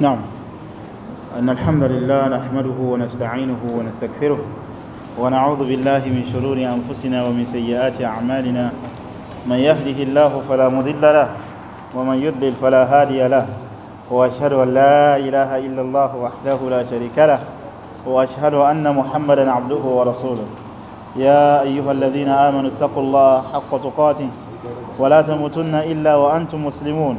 نعم أن الحمد لله نحمده ونستعينه ونستغفره ونعوذ بالله من شرور أنفسنا ومن سيئات أعمالنا من يهده الله فلا مضل له ومن يضلل فلا هادي له وأشهد أن لا إله إلا الله وحده لا شريك له وأشهد أن محمدا عبده ورسوله يا أيها الذين آمنوا اتقوا الله حق تقاته ولا تموتن إلا وأنتم مسلمون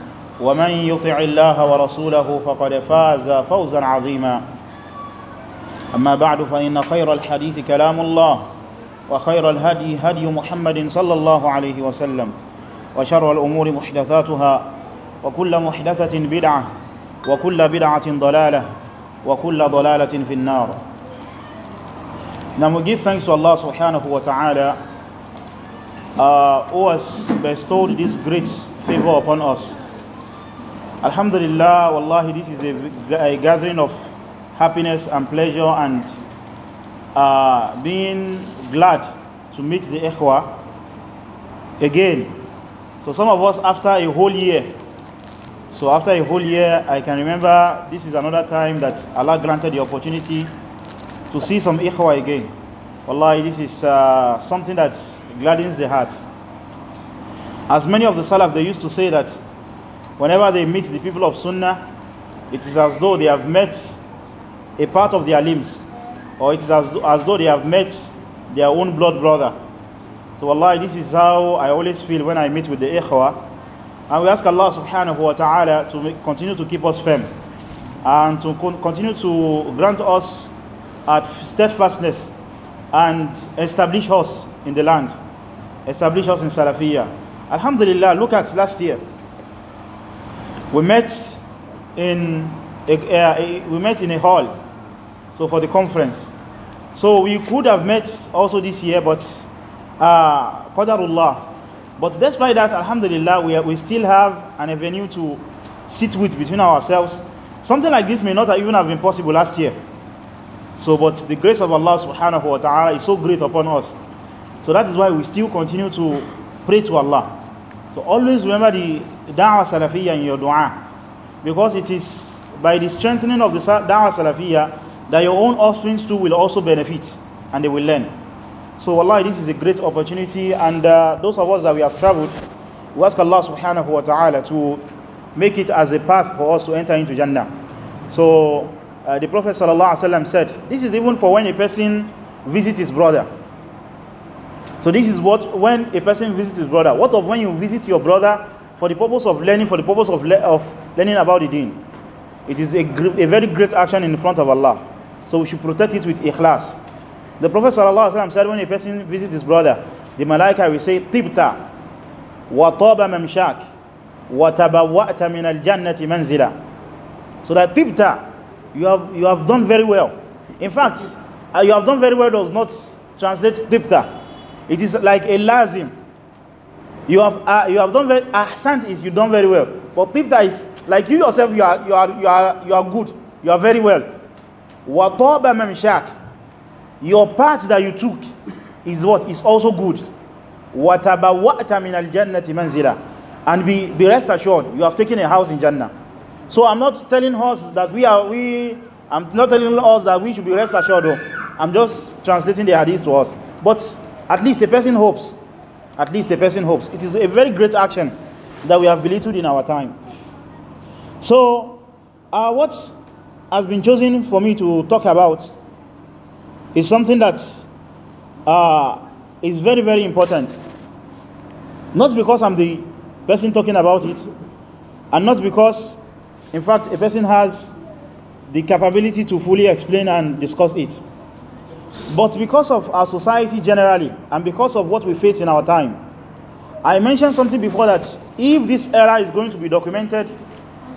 ومن يطع الله ورسوله فقد فاز فوزا عظيما أما بعد فإن خير الحديث كلام الله وخير الهدي هدي محمد صلى الله عليه وسلم وشر الأمور محدثاتها وكل محدثة بدعة وكل بدعة ضلالة وكل ضلالة في النار Now we give thanks to Allah uh, who has bestowed this great favor upon us Alhamdulillah, wallahi, this is a, a gathering of happiness and pleasure and uh, being glad to meet the Ikhwa again. So some of us after a whole year, so after a whole year, I can remember this is another time that Allah granted the opportunity to see some Ikhwa again. Wallahi, this is uh, something that gladdens the heart. As many of the Salaf, they used to say that whenever they meet the people of Sunnah, it is as though they have met a part of their limbs, or it is as, though, as though they have met their own blood brother. So, Allah, this is how I always feel when I meet with the ikhwa. And we ask Allah subhanahu wa ta'ala to make, continue to keep us firm and to con continue to grant us steadfastness and establish us in the land, establish us in Salafiyah. Alhamdulillah, look at last year we met in uh, a, we met in a hall so for the conference so we could have met also this year but uh qadarullah but despite that alhamdulillah we, we still have an avenue to sit with between ourselves something like this may not even have been possible last year so but the grace of allah subhanahu wa ta'ala is so great upon us so that is why we still continue to pray to allah so always remember the da'wah salafiyya in your dua because it is by the strengthening of the da'wah salafiyya that your own offspring too will also benefit and they will learn so Allah, this is a great opportunity and uh, those of us that we have traveled we ask Allah subhanahu wa ta'ala to make it as a path for us to enter into Jannah so uh, the Prophet sallallahu alaihi said this is even for when a person visits his brother so this is what when a person visits his brother what of when you visit your brother for the purpose of learning, for the purpose of, le of learning about the deen. It is a, a very great action in front of Allah. So we should protect it with ikhlas. The Prophet ﷺ said when a person visits his brother, the malaika will say, Tibta, wa taba mamshak, wa tabawwa'ta min al-jannati manzila. So that tibta, you have, you have done very well. In fact, uh, you have done very well does not translate tibta. It is like a lazim you have uh, you have done very uh, ahsant is you done very well but tibta is like you yourself you are you are you are you are good you are very well wa taba mamshak your path that you took is what is also good wa tabawwa'ta min aljannati manzila and be be rest assured you have taken a house in jannah so i'm not telling us that we are we i'm not telling us that we should be rest assured though. i'm just translating the hadith to us but at least the person hopes at least the person hopes. It is a very great action that we have belittled in our time. So, uh, what has been chosen for me to talk about is something that uh, is very, very important. Not because I'm the person talking about it, and not because, in fact, a person has the capability to fully explain and discuss it. But because of our society generally, and because of what we face in our time, I mentioned something before that if this era is going to be documented,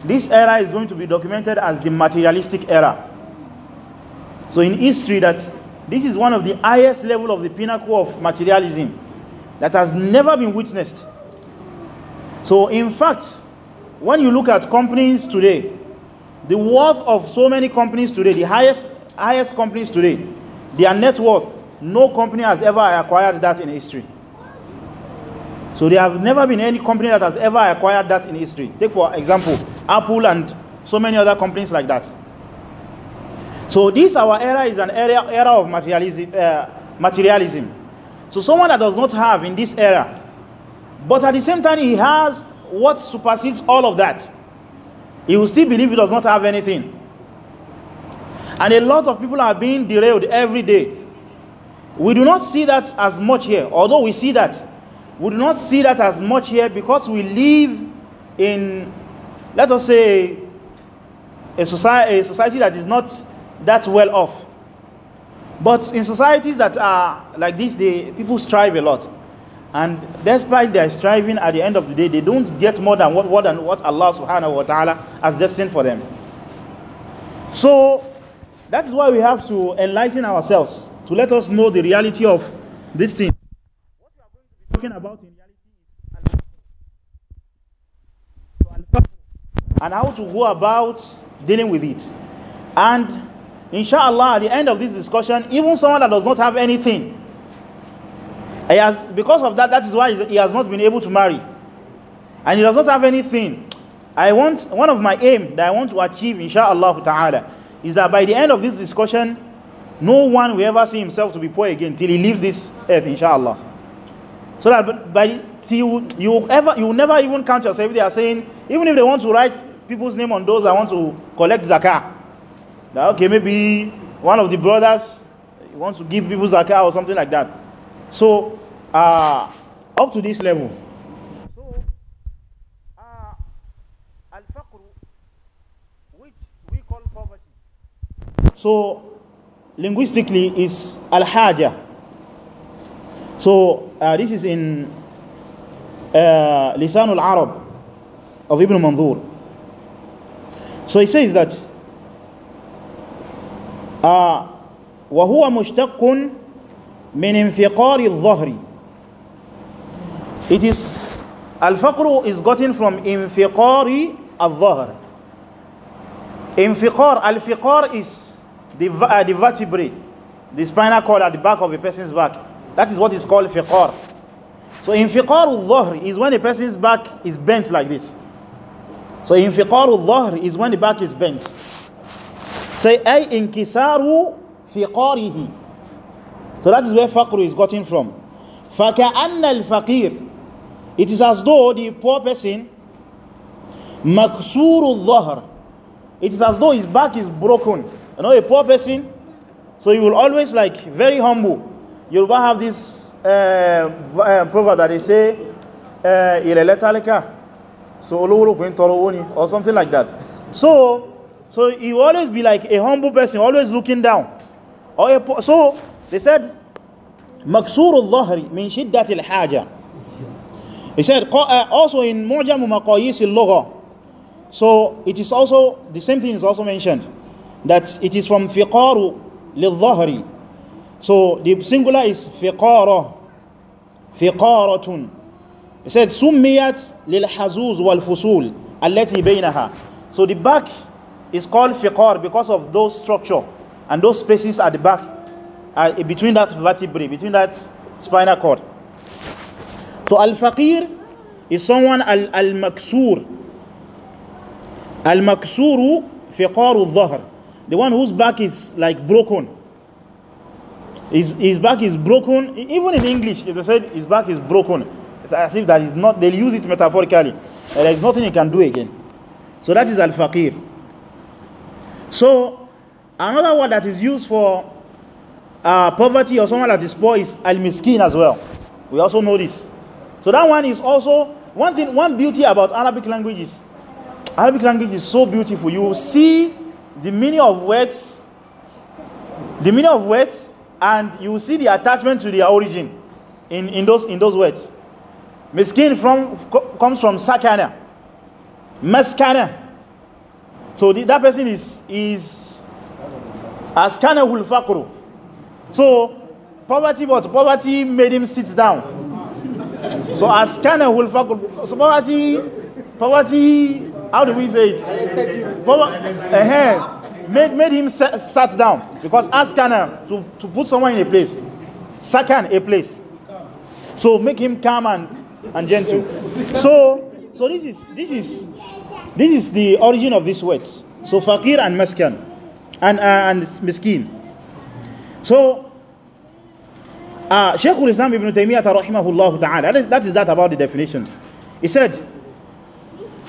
this era is going to be documented as the materialistic era. So in history, that this is one of the highest level of the pinnacle of materialism that has never been witnessed. So in fact, when you look at companies today, the worth of so many companies today, the highest highest companies today, their net worth, no company has ever acquired that in history. So there have never been any company that has ever acquired that in history. Take for example, Apple and so many other companies like that. So this our era is an era, era of materialism, uh, materialism. So someone that does not have in this era, but at the same time he has what supersedes all of that, he will still believe he does not have anything. And a lot of people are being derailed every day. We do not see that as much here, although we see that. We do not see that as much here because we live in, let us say, a society, a society that is not that well off. But in societies that are like this, they, people strive a lot. And despite their striving, at the end of the day, they don't get more than what, what, than what Allah subhanahu wa ta'ala has destined for them. So that is why we have to enlighten ourselves to let us know the reality of this thing. What we are going to be talking about in reality is and how to go about dealing with it. And inshallah, at the end of this discussion, even someone that does not have anything, he has, because of that, that is why he has not been able to marry. And he does not have anything. I want one of my aim that I want to achieve, inshallah ta'ala is that by the end of this discussion, no one will ever see himself to be poor again till he leaves this earth, inshallah. So that by the, you, you, ever, you will never even count yourself. They are saying, even if they want to write people's name on those that want to collect zakah, that okay, maybe one of the brothers wants to give people zakah or something like that. So, uh, up to this level, So linguistically is al-haja. So uh, this is in uh, Lisan al-Arab of Ibn Manzur. So he says that uh, وهو مشتق من انفقار الظهر It is is gotten from infiqari al-dhahr. Infiqar, al is the, uh, the vertebrae, the spinal cord at the back of a person's back. That is what is called fiqar. So in fiqar al is when a person's back is bent like this. So in fiqar al is when the back is bent. Say, ay inkisaru fiqarihi. So that is where faqru is gotten from. al-fakir. الْفَقِيرِ It is as though the poor person al-zahr. الظَّهْرِ It is as though his back is broken and not a poor person. So you will always like very humble. You will have this uh, uh, proverb that they say, uh, so or something like that. So, so you always be like a humble person, always looking down. Or a, so they said, مكسور الظهر من شدة الحاجة. He said, also in Mu'jam Maqayis al-Lugha. So it is also, the same thing is also mentioned. that it is from fiqaru للظهر so the singular is fiqara fiqaratun it said summiyat wal-fusul allati baynaha. so the back is called fiqar because of those structure and those spaces at the back uh, between that vertebrae between that spinal cord so al-faqir is someone al-maksur al-maksuru fiqaru al the one whose back is like broken his, his back is broken even in english if they said his back is broken it's as if that is not they'll use it metaphorically uh, there is nothing he can do again so that is al-faqir so another word that is used for uh, poverty or someone that is poor is al-miskin as well we also know this so that one is also one thing one beauty about arabic language is arabic language is so beautiful you see the meaning of words the meaning of words and you see the attachment to their origin in, in, those, in those words miskin from comes from sakana maskana so the, that person is is askana hulfakru so poverty but poverty made him sit down so askana hulfakru so poverty poverty How do we say it? uh Made, made him sat, sat down. Because askana, to, to put someone in a place. Second a place. So make him calm and, and gentle. So, so this is, this is, this is the origin of these words. So fakir and maskan. And, uh, and miskin. So, uh, Shaykh islam ibn Taymiyyah rahimahullah ta'ala, that is, that is that about the definition. He said,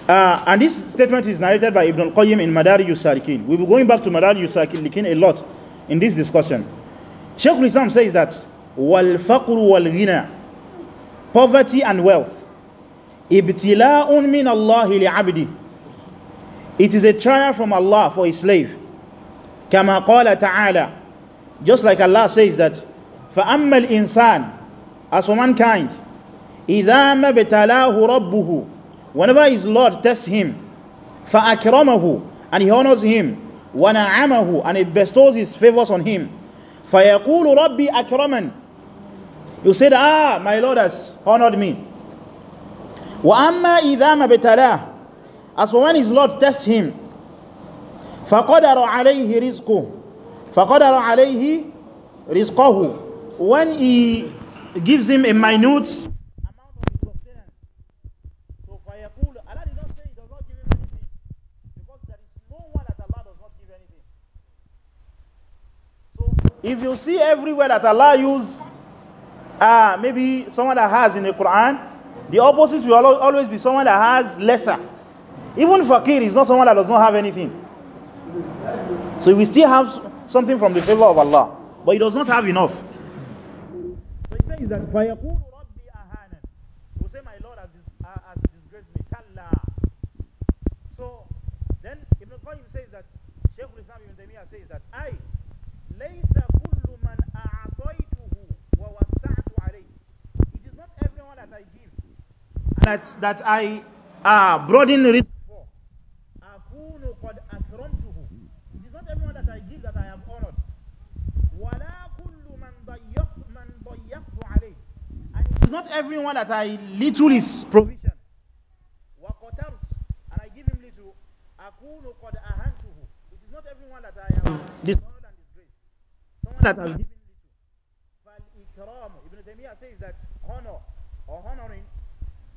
uh, and this statement is narrated by Ibn al-Qayyim in Madarij Yusarikin. salikin We'll be going back to Madarij Yusarikin salikin a lot in this discussion. Sheikh al-Islam says that وَالْفَقْرُ وَالْغِنَى Poverty and wealth ابْتِلَاءٌ مِنَ اللَّهِ لِعَبْدِ It is a trial from Allah for his slave. كَمَا قَالَ تَعَالَى Just like Allah says that فَأَمَّا الْإِنسَانِ As for mankind إِذَا مَبْتَلَاهُ رَبُّهُ Whenever his Lord tests him, فَأَكْرَمَهُ And he honors him. وَنَعَمَهُ And it bestows his favors on him. فَيَقُولُ رَبِّي أَكْرَمًا You said, ah, my Lord has honored me. وَأَمَّا إِذَا مَبْتَلَاهُ As for when his Lord tests him, فَقَدَرَ عَلَيْهِ رِزْقُهُ فَقَدَرَ عَلَيْهِ رِزْقَهُ When he gives him a minute If you see everywhere that Allah uses, uh, ah, maybe someone that has in the Quran, the opposite will always be someone that has lesser. Even fakir is not someone that does not have anything. So we still have something from the favor of Allah, but he does not have enough. So he says that that, that I uh, in. it for. It is not everyone that I give that I have honored. And it is not everyone that I little is provision. And I give him little. It is not everyone that I have honored and disgraced. Someone that I have given little. Ibn Taymiyyah says that honor or honoring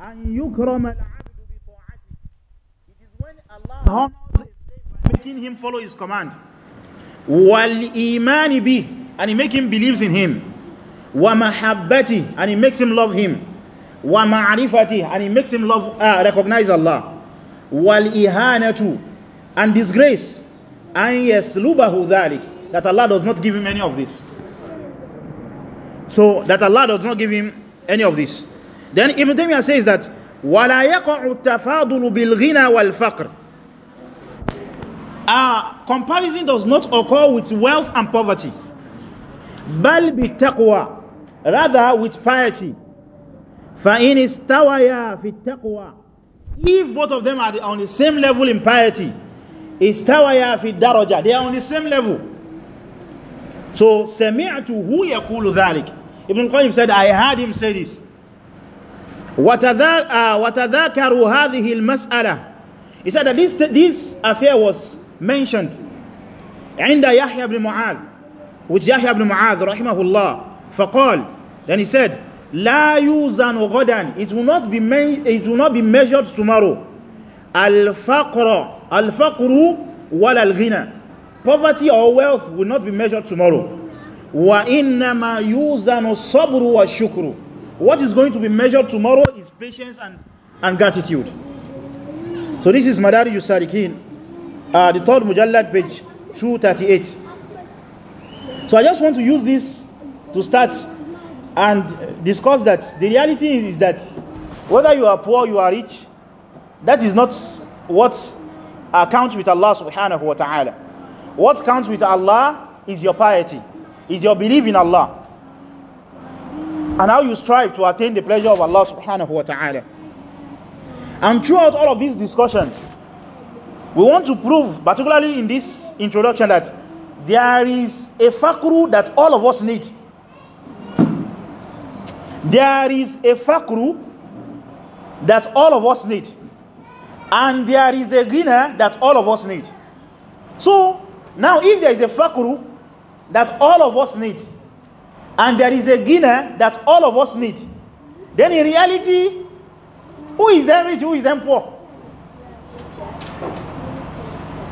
and you, العبد It is when Allah honors a slave by making him follow his command والإيمان به and he make him believes in him ومحبته and he makes him love him ومعرفته and he makes him love uh, recognize Allah والإهانة and disgrace أن يسلبه ذلك that Allah does not give him any of this so that Allah does not give him any of this then Ibn Taymiyyah says that وَلَا يَقَعُ التَّفَاضُلُ بِالْغِنَى وَالْفَقْرِ comparison does not occur with wealth and poverty. بَلْ بِالتَّقْوَى Rather with piety. فَإِنِ اسْتَوَيَا فِي التَّقْوَى If both of them are on the same level in piety, استويا في الدرجة they are on the same level so سمعته يقول ذلك Ibn Qayyim said I heard him say this وتذاكروا هذه المسألة He said that this, this affair was mentioned عند يحيى بن معاذ which يحيى بن معاذ رحمه الله فقال then he said لا يوزن غدا it will not be it will not be measured tomorrow الفقر الفقر ولا الغنى poverty or wealth will not be measured tomorrow وإنما يوزن الصبر والشكر What is going to be measured tomorrow is patience and, and gratitude. So this is Madari Yusarikin, uh, the third Mujallad, page 238. So I just want to use this to start and discuss that the reality is, is that whether you are poor, you are rich, that is not what uh, counts with Allah subhanahu wa ta'ala. What counts with Allah is your piety, is your belief in Allah. and how you strive to attain the pleasure of Allah subhanahu wa ta'ala. And throughout all of this discussion, we want to prove, particularly in this introduction, that there is a fakru that all of us need. There is a fakru that all of us need. And there is a ghina that all of us need. So, now if there is a fakru that all of us need, and there is a Guinea that all of us need, then in reality, who is then rich, who is then poor?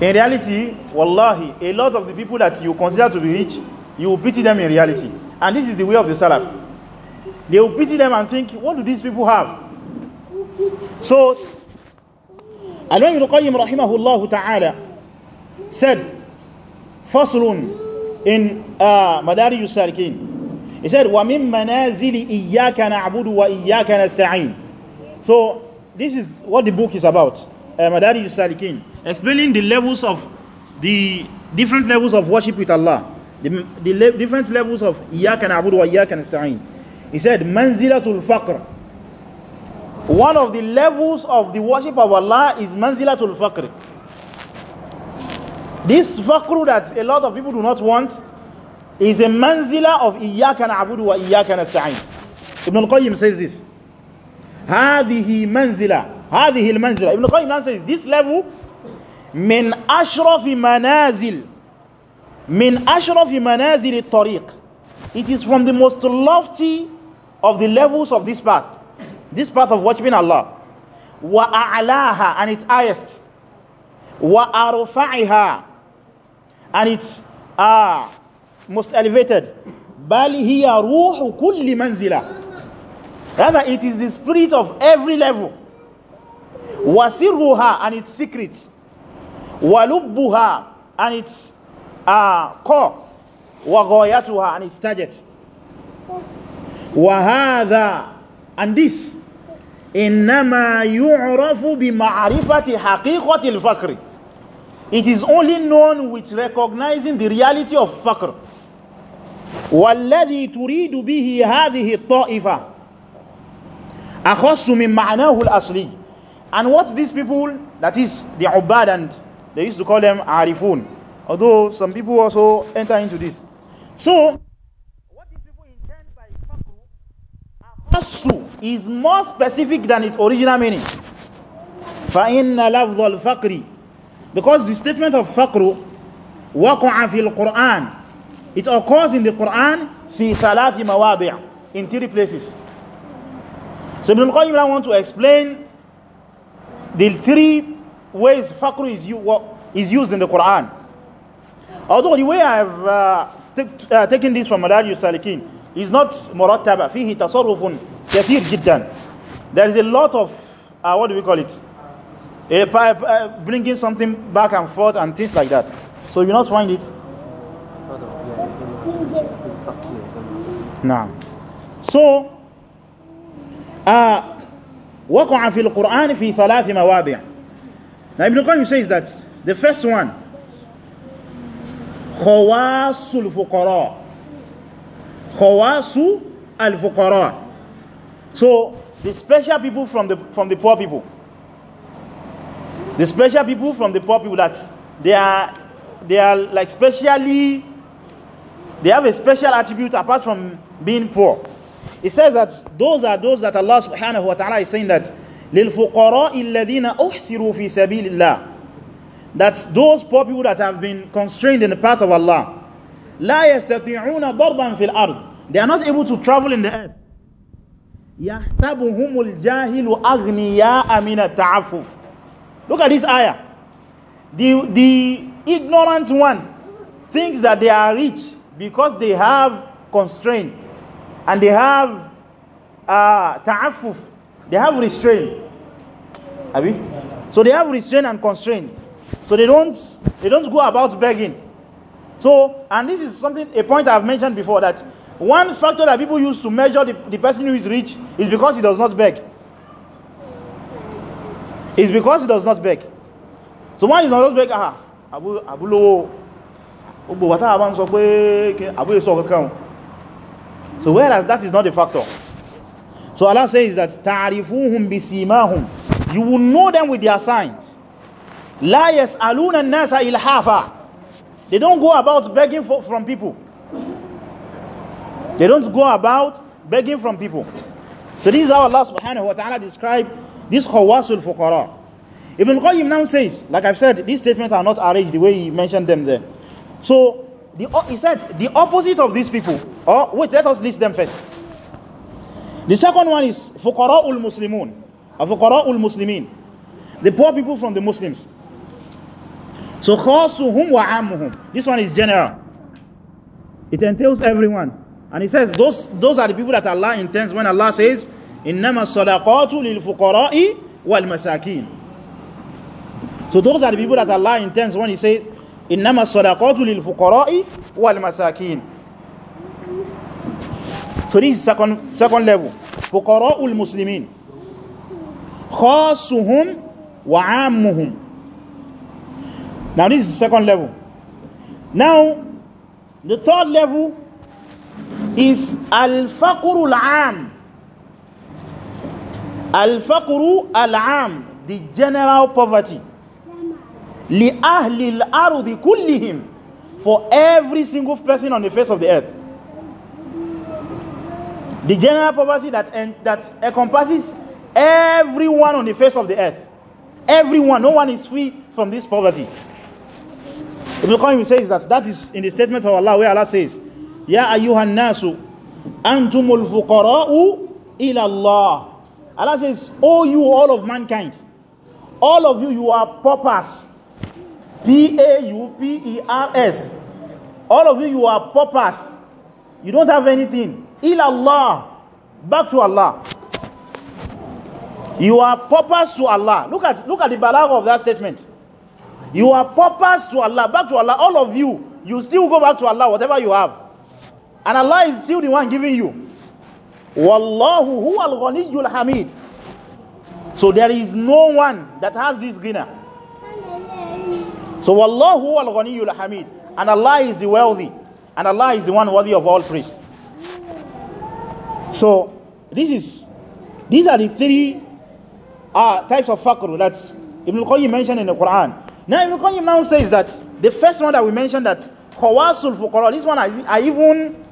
In reality, wallahi, a lot of the people that you consider to be rich, you will pity them in reality. And this is the way of the Salaf. They will pity them and think, what do these people have? So, Al-Imam Ibn Qayyim rahimahullah ta'ala said, Faslun in uh, Madari Yusarikin, He said, وَمِن مَنَازِلِ إِيَّاكَ نَعْبُدُ وَإِيَّاكَ نَسْتَعِينَ So, this is what the book is about. Uh, eh, Madari Yusalikin. Explaining the levels of, the different levels of worship with Allah. The, the le different levels of إِيَّاكَ نَعْبُدُ وَإِيَّاكَ نَسْتَعِينَ He said, مَنْزِلَةُ الْفَقْرِ One of the levels of the worship of Allah is مَنْزِلَةُ الْفَقْرِ This faqru that a lot of people do not want is a manzila of iyyaka na'budu wa iyyaka nasta'in ibn al-qayyim says this هذه منزلة هذه المنزلة Ibn al-Qayyim says this level من أشرف منازل من أشرف منازل الطريق it is from the most lofty of the levels of this path this path of worshiping Allah وأعلاها and its highest وأرفعها and its uh, most elevated. Rather, it is the spirit of every level. Wasiruha and its secret. Walubbuha and its uh, core. Wagoyatuha and its target. Wahada and this. Innama yu'rafu bi ma'rifati haqiqati al-fakr. It is only known with recognizing the reality of fakr. والذي تريد به هذه الطائفة أخص من معناه الأصلي and what these people that is the Ubad and they used to call them Arifun although some people also enter into this so what these people intend by فقر أخص is more specific than its original meaning فإن لفظ الفقر because the statement of فقر وقع في القرآن It occurs in the Quran fi thalathi in three places. So Ibn al-Qayyim I want to explain the three ways faqr is, is used in the Quran. Although the way I've uh, uh, taken this from Madari Salikin is not murattaba fihi tasarrufun kathir jiddan. There is a lot of uh, what do we call it? A, bringing something back and forth and things like that. So you not find it نعم so uh, وقع في القرآن في ثلاث مواضع now Ibn Qayyim says that the first one خواص الفقراء خواص الفقراء so the special people from the from the poor people the special people from the poor people that they are they are like specially they have a special attribute apart from being poor. It says that those are those that Allah subhanahu wa ta'ala is saying that لِلْفُقَرَاءِ الَّذِينَ أُحْسِرُوا فِي سَبِيلِ اللَّهِ That's those poor people that have been constrained in the path of Allah. لَا يَسْتَطِيعُونَ ضَرْبًا فِي الْأَرْضِ They are not able to travel in the earth. يَحْتَبُهُمُ الْجَاهِلُ أَغْنِيَاءَ مِنَ التَّعَفُفِ Look at this ayah. The, the ignorant one thinks that they are rich because they have constraint and they have uh, ta'affuf, they have restraint. Abi? So they have restraint and constraint. So they don't they don't go about begging. So and this is something a point I've mentioned before that one factor that people use to measure the, the person who is rich is because he does not beg. It's because he does not beg. So one is not just beg, ah, abu, abu lowo, gbogbo wata ń sọ pé àbúyé sọ kankan so whereas that is not a factor so Allah says that bi simahum." you will know them with their signs la yas'aluna an-nasa ilhafa they don't go about begging for, from people they don't go about begging from people so this is how Allah subhanahu wa ta'ala described this khawasul fuqara Ibn Qayyim now says like I've said these statements are not arranged the way he mentioned them there so the, he said the opposite of these people. Oh, wait, let us list them first. The second one is fakrā muslimun. Al-fakrā muslimin. The poor people from the Muslims. So khasuhum wa ammuhum. This one is general. It entails everyone. And he says those those are the people that Allah intends when Allah says innama sadaqatu lil fuqara'i wal masakin. So those are the people that Allah intends when he says إنما الصدقات للفقراء والمساكين So this is second, second level فقراء المسلمين خاصهم وعامهم Now this is second level Now the third level is الفقر العام الفقر العام the general poverty li ahli al-ardi kullihim for every single person on the face of the earth the general poverty that en that encompasses everyone on the face of the earth everyone no one is free from this poverty The Quran says that that is in the statement of Allah where Allah says ya ayyuhan nasu antumul fuqara'u ila Allah Allah says oh you all of mankind all of you you are paupers P-A-U-P-E-R-S. All of you, you are paupers. You don't have anything. Ilallah. Back to Allah. You are paupers to Allah. Look at, look at the balag of that statement. You are paupers to Allah. Back to Allah. All of you, you still go back to Allah, whatever you have. And Allah is still the one giving you. Wallahu huwa al-ghaniyyu hamid So there is no one that has this greener. So Allah al Ghaniyul Hamid. And Allah is the wealthy. And Allah is the one worthy of all praise. So this is these are the three uh, types of faqr that Ibn al-Qayyim mentioned in the Quran. Now Ibn al-Qayyim now says that the first one that we mentioned that khawasul fuqara, this one are, are even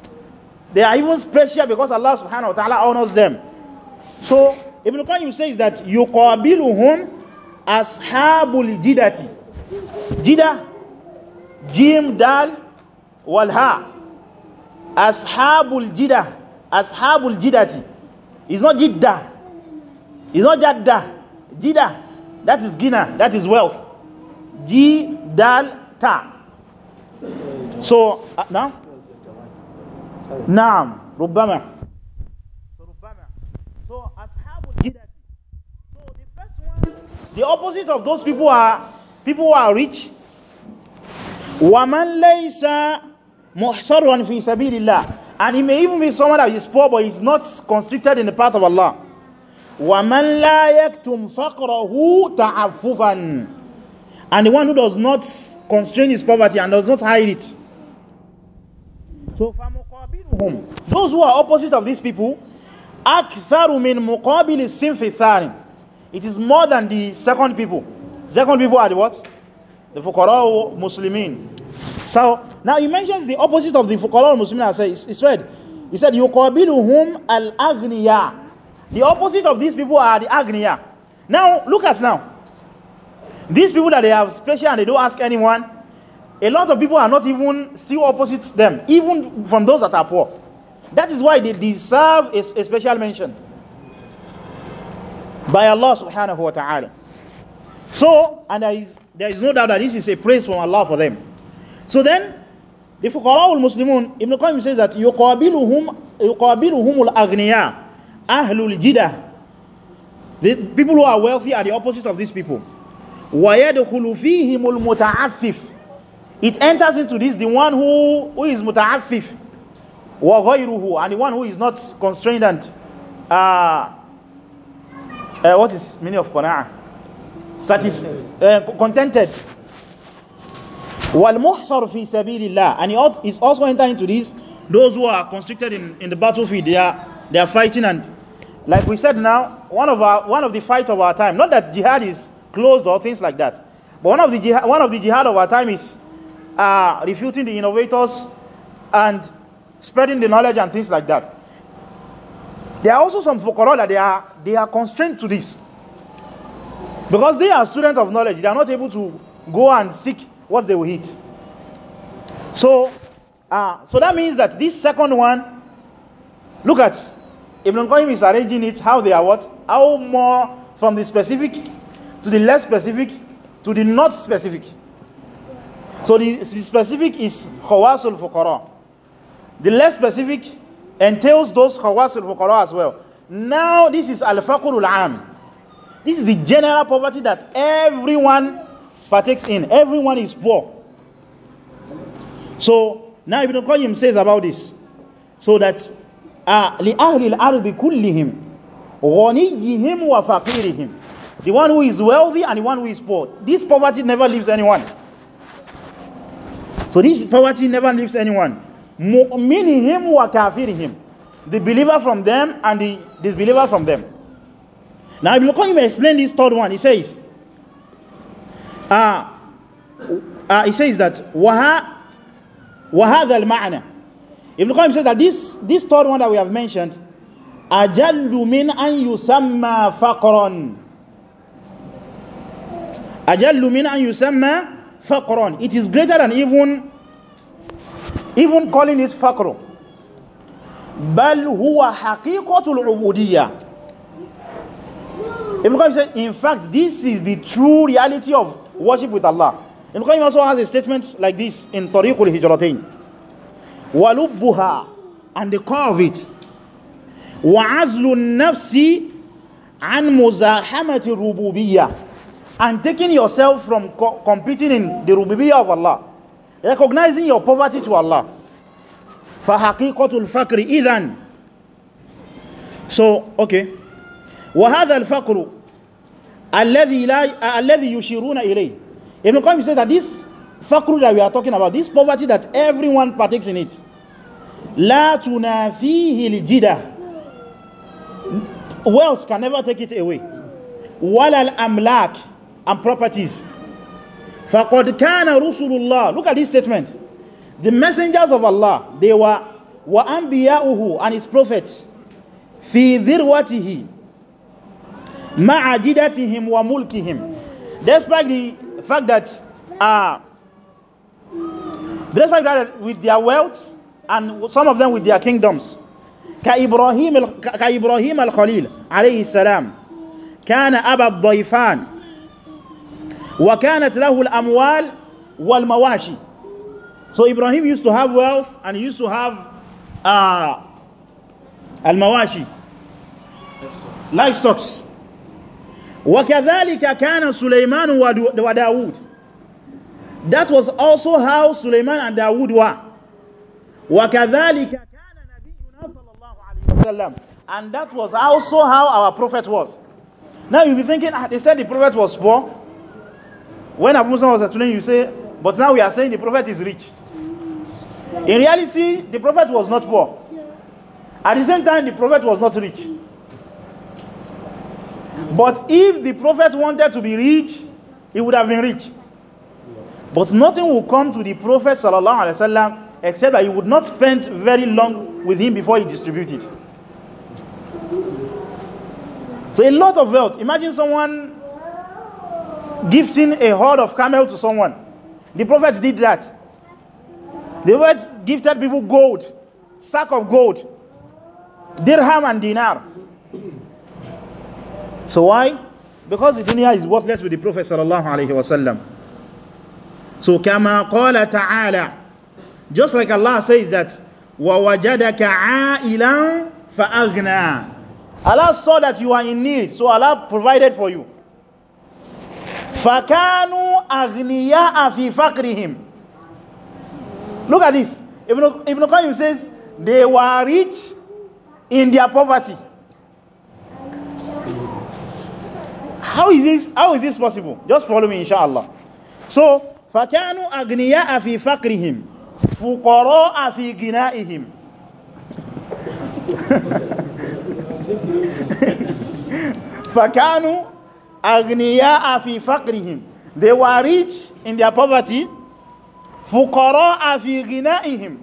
they are even special because Allah subhanahu wa ta'ala honors them. So Ibn al-Qayyim says that you as ashabul jidati Jida, jim dal walha ashabul jídá ashabul jídàtì is not jídà is not jádà Jida. that is gina that is wealth jí dal ta so uh, now نعم ربما ربما so أصحاب الجدة so the first one the opposite of those people are people who are rich وَمَنْ لَيْسَ مُحْصَرًا فِي سَبِيلِ اللَّهِ and he may even be someone that is poor but is not constricted in the path of Allah وَمَنْ لَا يَكْتُمْ فَقْرَهُ تَعَفُّفًا and the one who does not constrain his poverty and does not hide it so فَمُقَابِلُهُمْ those who are opposite of these people أَكْثَرُ مِنْ مُقَابِلِ السِّنْفِ الثَّانِ it is more than the second people Second people are the what? The Fuqara Muslimin. So now he mentions the opposite of the Fuqara Muslimin. Said, he said, he said, Yuqabiluhum al Agniya. The opposite of these people are the Agniya. Now, look at now. These people that they have special and they don't ask anyone, a lot of people are not even still opposite them, even from those that are poor. That is why they deserve a, a special mention by Allah subhanahu wa ta'ala. So, and there is, there is no doubt that this is a praise from Allah for them. So then, the fuqara muslimun Ibn Qayyim says that يقابلهم, يقابلهم الأغنياء أهل الجدة The people who are wealthy are the opposite of these people. ويدخل فيهم المتعفف It enters into this the one who, who is متعفف وغيره and the one who is not constrained and uh, uh, what is meaning of qana'ah? satis- uh, contented. وَالْمُحْصَرُ فِي سَبِيلِ اللَّهِ And he is also entering into this, those who are constricted in, in the battlefield, they are, they are fighting and like we said now, one of, our, one of the fight of our time, not that jihad is closed or things like that, but one of the jihad, one of, the jihad of our time is uh, refuting the innovators and spreading the knowledge and things like that. There are also some fukara that they are, they are constrained to this. Because they are students of knowledge. They are not able to go and seek what they will eat. So, uh, so that means that this second one, look at Ibn al-Qayyim is arranging it how they are what? How more from the specific to the less specific to the not specific. So the specific is khawasul fuqara. The less specific entails those khawasul fuqara as well. Now this is al-faqrul am. This is the general poverty that everyone partakes in. Everyone is poor. So now Ibn Qayyim says about this. So that uh, لِأَهْلِ الْأَرْضِ كُلِّهِمْ غَنِيِّهِمْ وَفَقِيرِهِمْ The one who is wealthy and the one who is poor. This poverty never leaves anyone. So this poverty never leaves anyone. مُؤْمِنِهِمْ وَكَافِرِهِمْ The believer from them and the disbeliever from them. Now Ibn Qayyim explained this third one. He says, uh, uh, he says that وَهَا وَهَذَا الْمَعْنَى Ibn Qayyim says that this, this third one that we have mentioned أَجَلُّ مِنْ أَنْ يُسَمَّى فَقْرًا أَجَلُّ مِنْ أَنْ يُسَمَّى فَقْرًا It is greater than even even calling it فَقْرُ بَلْ هُوَ حَقِيقَةُ الْعُبُودِيَّةِ Ibn said, in fact, this is the true reality of worship with Allah. Ibn Qayyim also has a statement like this in Tariqul Hijratain. "Walubbuha," And the core of it. وَعَزْلُ nafsi an مُزَاحَمَةِ الرُّبُوبِيَّةِ And taking yourself from co competing in the rububiyyah of Allah. Recognizing your poverty to Allah. فَحَقِيقَةُ الْفَقْرِ إِذَنِ So, okay. وهذا الفقر الذي لا الذي يشيرون إليه Ibn Qayyim says that this faqru that we are talking about this poverty that everyone partakes in it لا تنافيه الجدة wealth can never take it away ولا الأملاك and properties فقد كان رسول الله look at this statement the messengers of Allah they were وأنبياؤه and his prophets في ذروته ma'ajidatihim wa mulkihim despite the fact that uh, despite that with their wealth and some of them with their kingdoms ka كإبراهيم, كإبراهيم الخليل عليه السلام كان أبا الضيفان وكانت له الأموال والمواشي So Ibrahim used to have wealth and he used to have uh, al-mawashi, livestock. وَكَذَلِكَ كَانَ سُلَيْمَانُ وَدَاوُدُ That was also how Sulaiman and Dawood were. وَكَذَلِكَ كَانَ نَبِيُّنَا صَلَى اللَّهُ And that was also how our prophet was. Now you be thinking, ah, they said the prophet was poor. When Abu Musa was explaining, you say, but now we are saying the prophet is rich. In reality, the prophet was not poor. At the same time, the prophet was not rich. But if the prophet wanted to be rich, he would have been rich. But nothing will come to the prophet sallallahu alaihi wasallam except that he would not spend very long with him before he distributed. So a lot of wealth. Imagine someone gifting a herd of camel to someone. The prophets did that. They were gifted people gold, sack of gold, dirham and dinar. So why? Because the dunya is worthless with the Prophet sallallahu alaihi wasallam. So kama qala ta'ala just like Allah says that wa wajadaka a'ilan Allah saw that you are in need, so Allah provided for you. Fakanu aghniya'a fi faqrihim. Look at this. Ibn, Ibn Qayyim says, they were rich in their poverty. How is this, how is this possible? Just follow me, inshallah. So, فَكَانُوا أَغْنِيَاءَ فِي فَقْرِهِمْ فُقَرَاءَ فِي غِنَائِهِمْ فَكَانُوا أَغْنِيَاءَ فِي فَقْرِهِمْ They were rich in their poverty. فُقَرَاءَ فِي غِنَائِهِمْ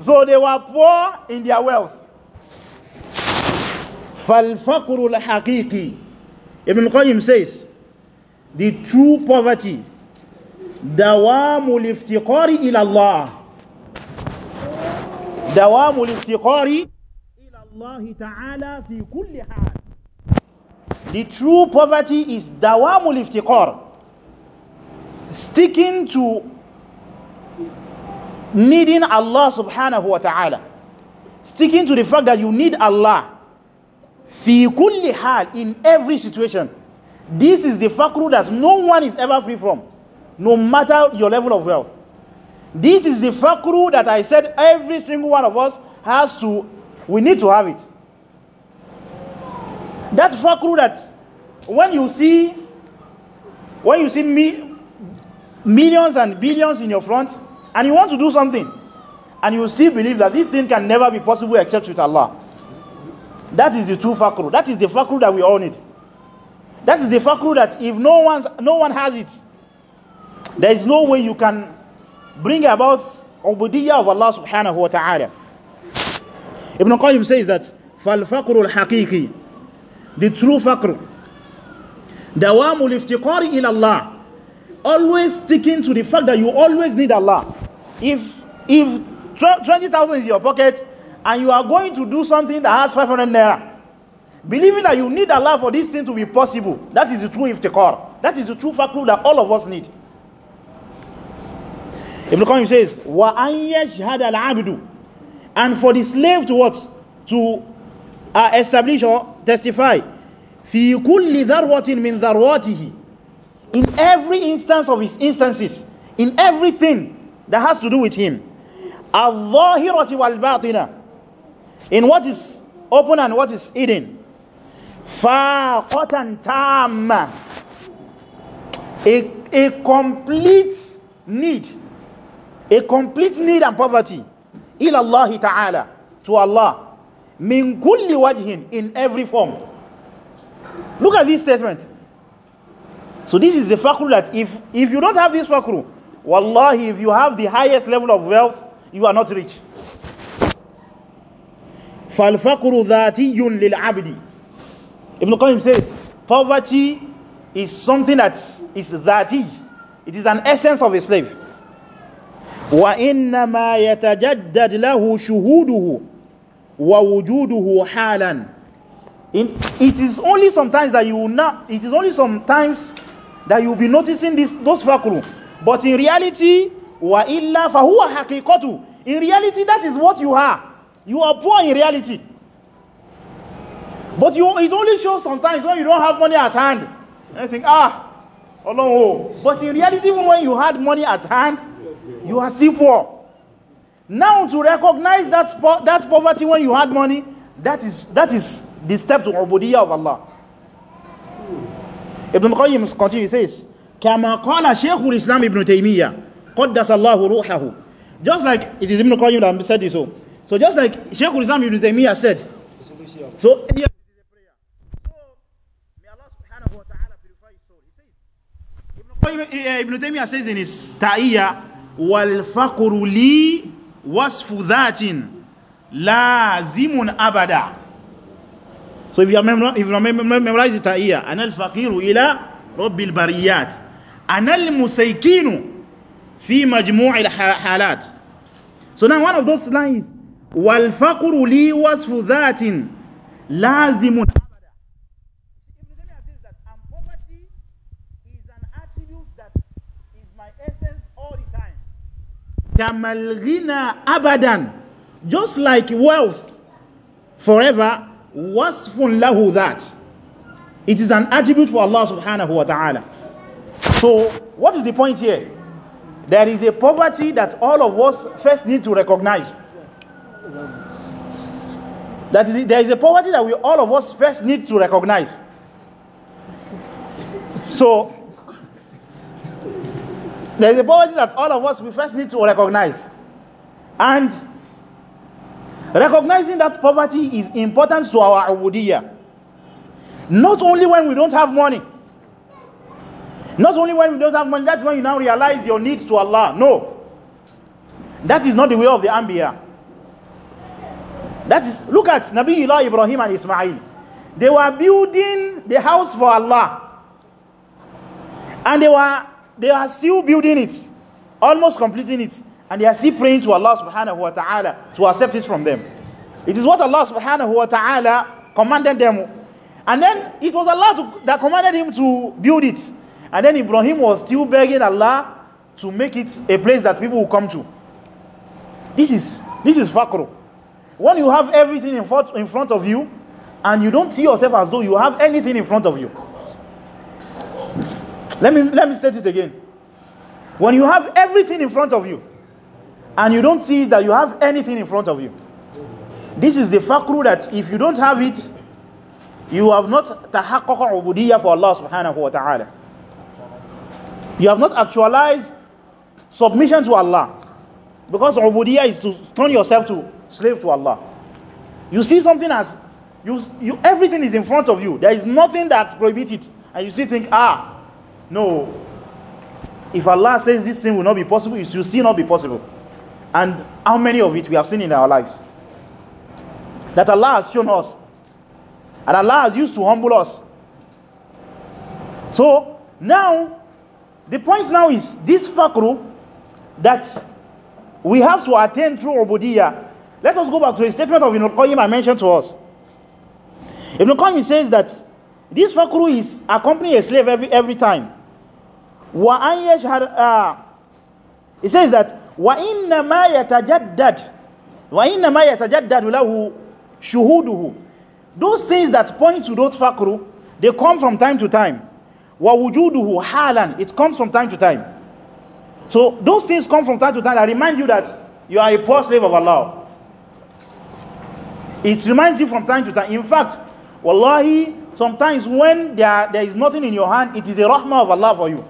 So they were poor in their wealth. فَالْفَقْرُ الْحَقِيقِي Ibn Qayyim says, the true poverty, dawamu liftiqari ila Allah. Dawamu liftiqari ila Allah ta'ala fi kulli hal. The true poverty is dawamu liftiqar. Sticking to needing Allah subhanahu wa ta'ala. Sticking to the fact that you need Allah fi kulli hal in every situation this is the fakru that no one is ever free from no matter your level of wealth this is the fakru that I said every single one of us has to we need to have it that fakru that when you see when you see me millions and billions in your front and you want to do something and you still believe that this thing can never be possible except with Allah That is the true fakru. That is the fakru that we all need. That is the fakru that if no, one's, no one has it, there is no way you can bring about ubudiyya of Allah subhanahu wa ta'ala. Ibn Qayyim says that فَالْفَقْرُ الْحَقِيقِ The true faqr دوام الافتقار إلى الله Always sticking to the fact that you always need Allah. If, if 20,000 is your pocket, and you are going to do something that has 500 naira, believing that you need Allah for this thing to be possible, that is the true iftikar. That is the true fakru that all of us need. Ibn Qayyim says, "Wa an yashhad al-'abdu," and for the slave to what to uh, establish or testify, fi kulli dharwatin min dharwatihi, in every instance of his instances, in everything that has to do with him, al-zahirati wal-batina, in what is open and what is hidden. Faqatan tamma. A, a complete need. A complete need and poverty. ilallah ita'ala ta'ala. To Allah. Min kulli wajhin. In every form. Look at this statement. So this is the fakru that if, if you don't have this fakru, wallahi, if you have the highest level of wealth, you are not rich. falfaqru dhatiyun lil abdi Ibn Qayyim says poverty is something that is dhati it is an essence of a slave wa inna ma yatajaddad lahu shuhuduhu wa wujuduhu halan in, it is only sometimes that you will not it is only sometimes that you will be noticing this those fakru but in reality wa illa fahuwa haqiqatu in reality that is what you are you are poor in reality but you, it only shows sometimes when you don't have money at hand and you think ah Ọlọ́run o but in reality even when you had money at hand you are still poor now to recognize that, that poverty when you had money that is, that is the step to ubudiyya of Allah Ibn Qayyim continues says كما قال شيخ الإسلام ابن تيمية قدس الله روحه just like it is Ibn Qayyim that said this so So just like Sheikh Islam Ibn Taymiyyah said, so Ibn Taymiyyah says in his Ta'iyya, وَالْفَقْرُ لِي وَصْفُ ذَاتٍ لَازِمٌ So if you remember, if you memorize the Ta'iyya, أَنَا الْفَقِيرُ إِلَى رَبِّ الْبَرِيَّاتِ أَنَا الْمُسَيْكِينُ فِي مَجْمُوعِ الْحَالَاتِ So now one of those lines والفقر لي وصف ذات لازم Kamalghina abadan. Just like wealth forever, wasfun lahu that. It is an attribute for Allah subhanahu wa ta'ala. So, what is the point here? There is a poverty that all of us first need to recognize. That is, there is a poverty that we all of us first need to recognize. So, there is a poverty that all of us we first need to recognize. And recognizing that poverty is important to our ubudiyah. Not only when we don't have money. Not only when we don't have money, that's when you now realize your need to Allah. No. That is not the way of the Ambiya. That is, look at Nabiullah Ibrahim and Ismail. They were building the house for Allah. And they were they are still building it, almost completing it. And they are still praying to Allah subhanahu wa ta'ala to accept it from them. It is what Allah subhanahu wa ta'ala commanded them. And then it was Allah to, that commanded him to build it. And then Ibrahim was still begging Allah to make it a place that people will come to. This is this is faqr. When you have everything in front, in front of you, and you don't see yourself as though you have anything in front of you. Let me, let me state it again. When you have everything in front of you, and you don't see that you have anything in front of you, this is the fakru that if you don't have it, you have not tahaqqaqa ubudiyya for Allah subhanahu wa ta'ala. You have not actualized submission to Allah. Because ubudiyya is to turn yourself to slave to Allah. You see something as you, you everything is in front of you. There is nothing that's prohibited, and you still think, ah, no. If Allah says this thing will not be possible, it will still not be possible. And how many of it we have seen in our lives? That Allah has shown us. And Allah has used to humble us. So now, the point now is this fakru that we have to attain through ubudiyah let us go back to a statement of Ibn Qayyim I mentioned to us. Ibn Qayyim says that this fakru is accompanying a slave every, every time. Uh, he it says that wa inna ma yatajaddad wa inna ma yatajaddad lahu shuhuduhu. Those things that point to those fakru, they come from time to time. Wa wujuduhu halan, it comes from time to time. So those things come from time to time. I remind you that you are a poor slave of Allah. It reminds you from time to time. In fact, wallahi, sometimes when there, there is nothing in your hand, it is a rahmah of Allah for you.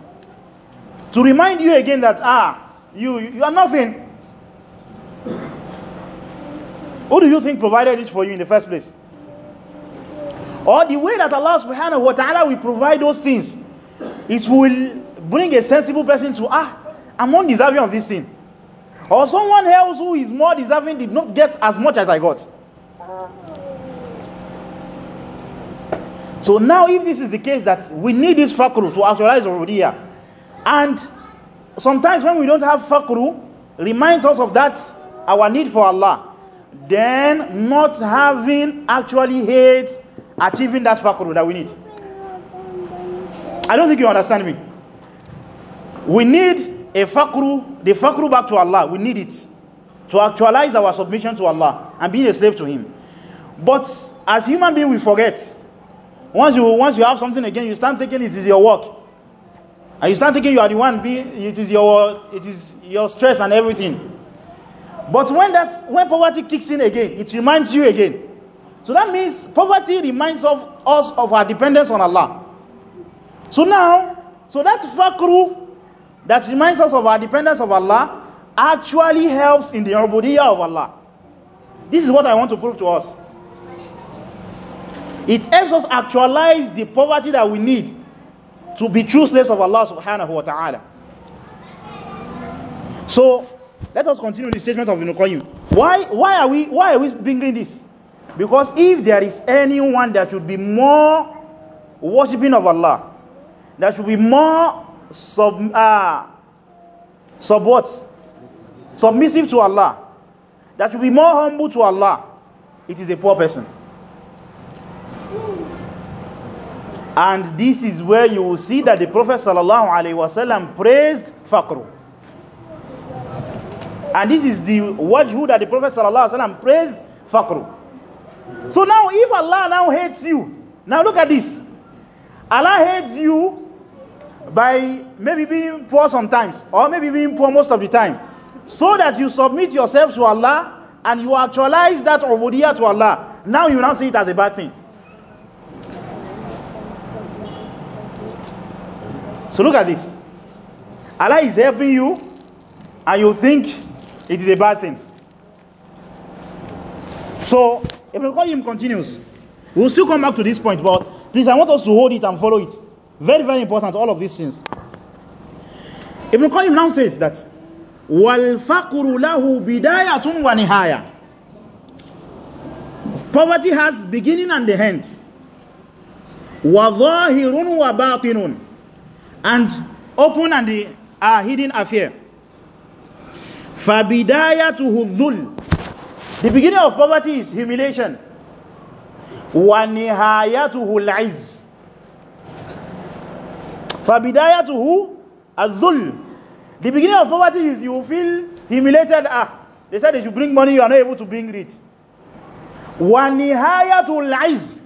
To remind you again that, ah, you, you are nothing. Who do you think provided it for you in the first place? Or the way that Allah subhanahu wa ta'ala will provide those things, it will bring a sensible person to, ah, I'm undeserving of this thing. Or someone else who is more deserving did not get as much as I got. So now if this is the case that we need this fakru to actualize rububiyya and sometimes when we don't have fakru reminds us of that our need for Allah then not having actually hates achieving that fakru that we need. I don't think you understand me. We need a fakru, the fakru back to Allah. We need it to actualize our submission to Allah and being a slave to Him. But as human being, we forget. Once you, once you have something again, you start thinking it is your work. And you start thinking you are the one being, it is your, it is your stress and everything. But when that, when poverty kicks in again, it reminds you again. So that means poverty reminds of us of our dependence on Allah. So now, so that fakru that reminds us of our dependence of Allah actually helps in the ubudiyah of Allah. This is what I want to prove to us. It helps us actualize the poverty that we need to be true slaves of Allah subhanahu wa ta'ala. So let us continue the statement of Ibn Why, why, are we, why are we bringing this? Because if there is anyone that should be more worshipping of Allah, that should be more sub, uh, sub what? Submissive to Allah, that should be more humble to Allah, it is a poor person. And this is where you will see that the Prophet sallallahu alaihi wasallam praised Fakru, And this is the wajhu that the Prophet sallallahu alaihi wasallam praised Fakru. So now if Allah now hates you, now look at this. Allah hates you by maybe being poor sometimes or maybe being poor most of the time so that you submit yourself to Allah and you actualize that ubudiyah to Allah. Now you now see it as a bad thing. So look at this. Allah is helping you and you think it is a bad thing. So Ibn Qayyim continues. We'll still come back to this point, but please, I want us to hold it and follow it. Very, very important, all of these things. Ibn Qayyim now says that وَالْفَقْرُ لَهُ بِدَايَةٌ وَنِهَايَةٌ Poverty has beginning and the end. وَظَاهِرٌ وَبَاطِنٌ and open and the uh, hidden affair. Fabidaya to huzul, The beginning of poverty is humiliation. ونهايته العز فبدايته الذل the beginning of poverty is you feel humiliated ah they said if you bring money you are not able to bring it ونهايته العز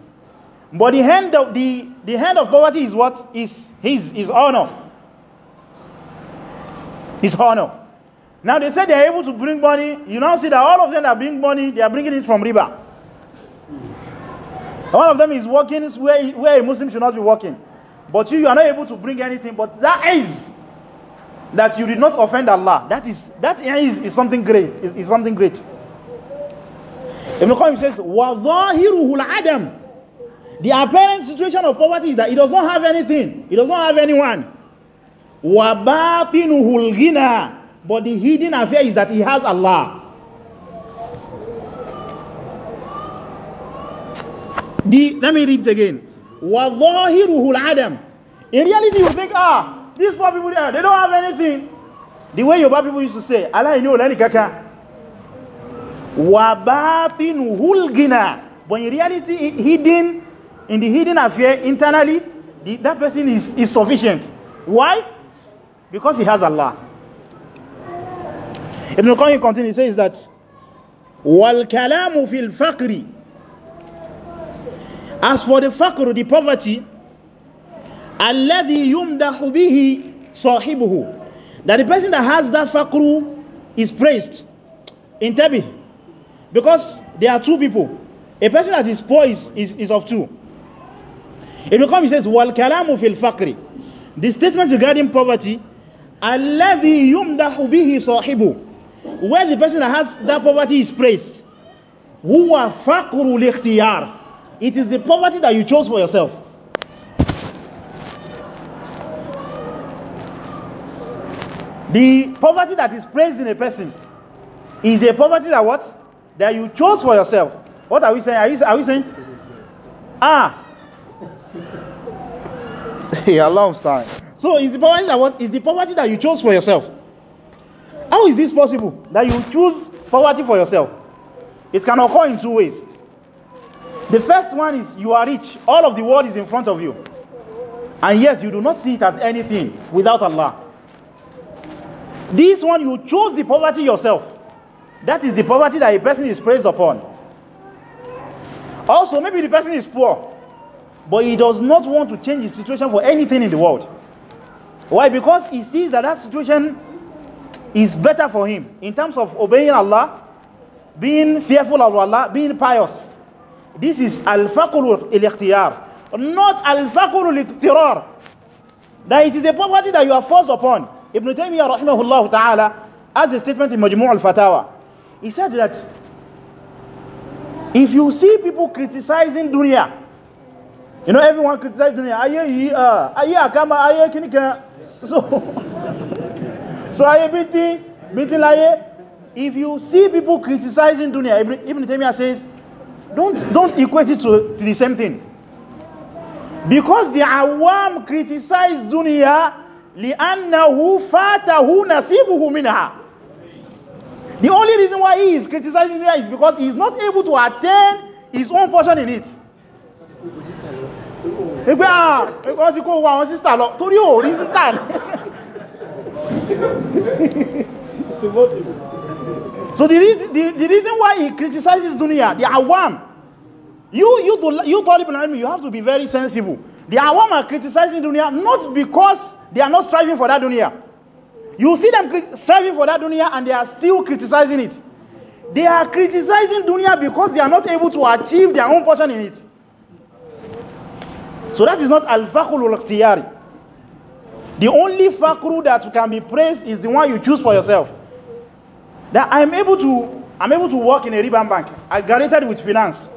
but the end of the the hand of poverty is what? Is his, his honor. His honor. Now they said they are able to bring money. You now see that all of them that bring money, they are bringing it from riba. One of them is working where, where a Muslim should not be working. But you, you are not able to bring anything. But that is that you did not offend Allah. That is that is, is something great. Is, is something great. Ibn Qayyim says, وَظَاهِرُهُ Adam." the apparent situation of poverty is that he does not have anything he does not have anyone وَبَاطِنُهُ الْغِنَى but the hidden affair is that he has Allah the, let me read it again وَظَاهِرُهُ الْعَدَمُ in reality you think ah these poor people there they don't have anything the way Yoruba people used to say Allah aláìní olẹ́ni kaka. وَبَاطِنُهُ الْغِنَى but in reality hidden in the hidden affair internally, the, that person is, is sufficient. Why? Because he has Allah. Ibn Qayyim continues, says that وَالْكَلَامُ فِي الْفَقْرِ As for the faqr, the poverty, الَّذِي يُمْدَحُ بِهِ صَاحِبُهُ That the person that has that faqr is praised. In Tabi. Because there are two people. A person that is poor is, is, is of two. It will come, he says, kalamu fil fakri." The statement regarding poverty, الَّذِي يُمْدَحُ بِهِ صَاحِبُ Where the person that has that poverty is praised. هُوَ li الْإِخْتِيَارِ It is the poverty that you chose for yourself. The poverty that is praised in a person is a poverty that what? That you chose for yourself. What are we saying? Are, you, are we saying? Ah, he allows time. So is the poverty that what is the poverty that you chose for yourself? How is this possible that you choose poverty for yourself? It can occur in two ways. The first one is you are rich, all of the world is in front of you, and yet you do not see it as anything without Allah. This one, you choose the poverty yourself. That is the poverty that a person is praised upon. Also, maybe the person is poor. but he does not want to change his situation for anything in the world. Why? Because he sees that that situation is better for him in terms of obeying Allah, being fearful of Allah, being pious. This is al-faqr al-ikhtiyar, not al-faqr al-iktirar. That it is a property that you are forced upon. Ibn Taymiyyah rahimahullah ta'ala has a statement in Majmu' al-Fatawa. He said that if you see people criticizing dunya, You know, everyone criticize dunya. Ayé Aye, ayé àkámà, ayé kìníkan. So, so aye. bíntín, bíntín láyé. If you see people criticizing dunya, Ibn Taymiyyah says, don't, don't equate it to, to the same thing. Because the awam criticize dunya لِأَنَّهُ fatahu nasibuhu minha. The only reason why he is criticizing dunya is because he is not able to attain his own portion in it pé àà wọ́n ti kó wá àwọn sísítà lọ torí ò rí sísítà so the reason, the, the reason why he criticizes dunya the awam you you do, you me. you have to be very sensible the awam are criticizing dunia not because they are not striving for that dunia. you see them striving for that dunia and they are still criticizing it they are criticizing dunia because they are not able to achieve their own portion in it So that is not al-fakhru al-ikhtiyari. The only fakhru that can be praised is the one you choose for yourself. That I'm able to I'm able to work in a riba bank. I graduated with finance.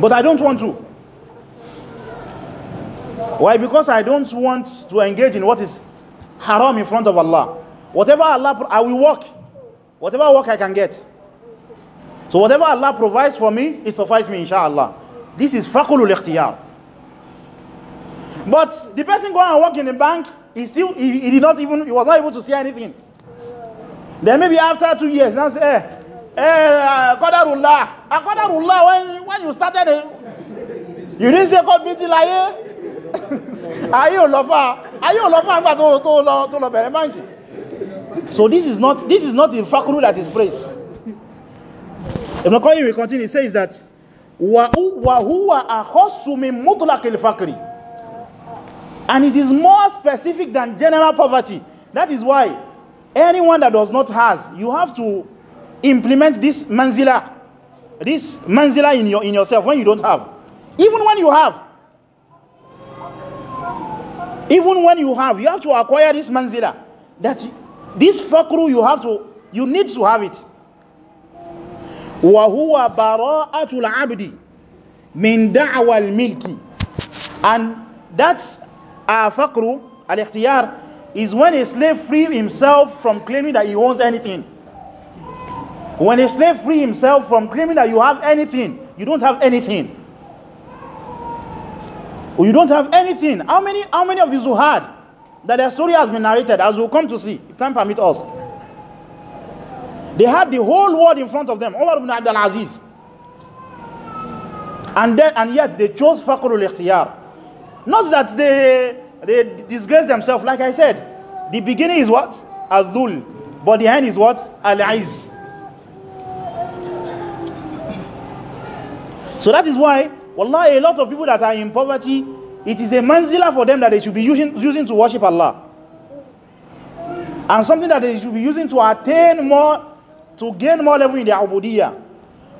But I don't want to. Why? Because I don't want to engage in what is haram in front of Allah. Whatever Allah I will work. Whatever work I can get. So whatever Allah provides for me, it suffices me inshallah. This is faqulul ikhtiyar. But the person go and work in the bank, he still he, he, did not even he was not able to see anything. Then maybe after two years, now say, eh, eh, Qadarullah. Qadarullah, when, when you started, it, eh, you didn't say God you meet Ilaye. Ayé Olofa, ayé Olofa nígbà tó to lọ tó lọ the bank. So this is not this is not the fakru that is praised. Ibn Qayyim will continue, he says that wa huwa akhassu min mutlaqil faqri. And it is more specific than general poverty. That is why anyone that does not has, you have to implement this manzila, this manzila in, your, in yourself when you don't have. Even when you have. Even when you have, you have to acquire this manzila. That this fakru you have to, you need to have it. وَهُوَ بَرَاءَةُ الْعَبْدِ مِنْ دَعْوَى الْمِلْكِ And that's al-faqru ah, al-ikhtiyar is when a slave free himself from claiming that he owns anything when a slave free himself from claiming that you have anything you don't have anything you don't have anything how many how many of who had that their story has been narrated as we'll come to see if time permits us they had the whole world in front of them Umar ibn Abdul Aziz and, then, and yet they chose al ikhtiyar Not that they, they disgrace themselves. Like I said, the beginning is what? azul, But the end is what? Al-Aiz. So that is why, wallah, a lot of people that are in poverty, it is a manzila for them that they should be using, using to worship Allah. And something that they should be using to attain more, to gain more level in their ubudiyah.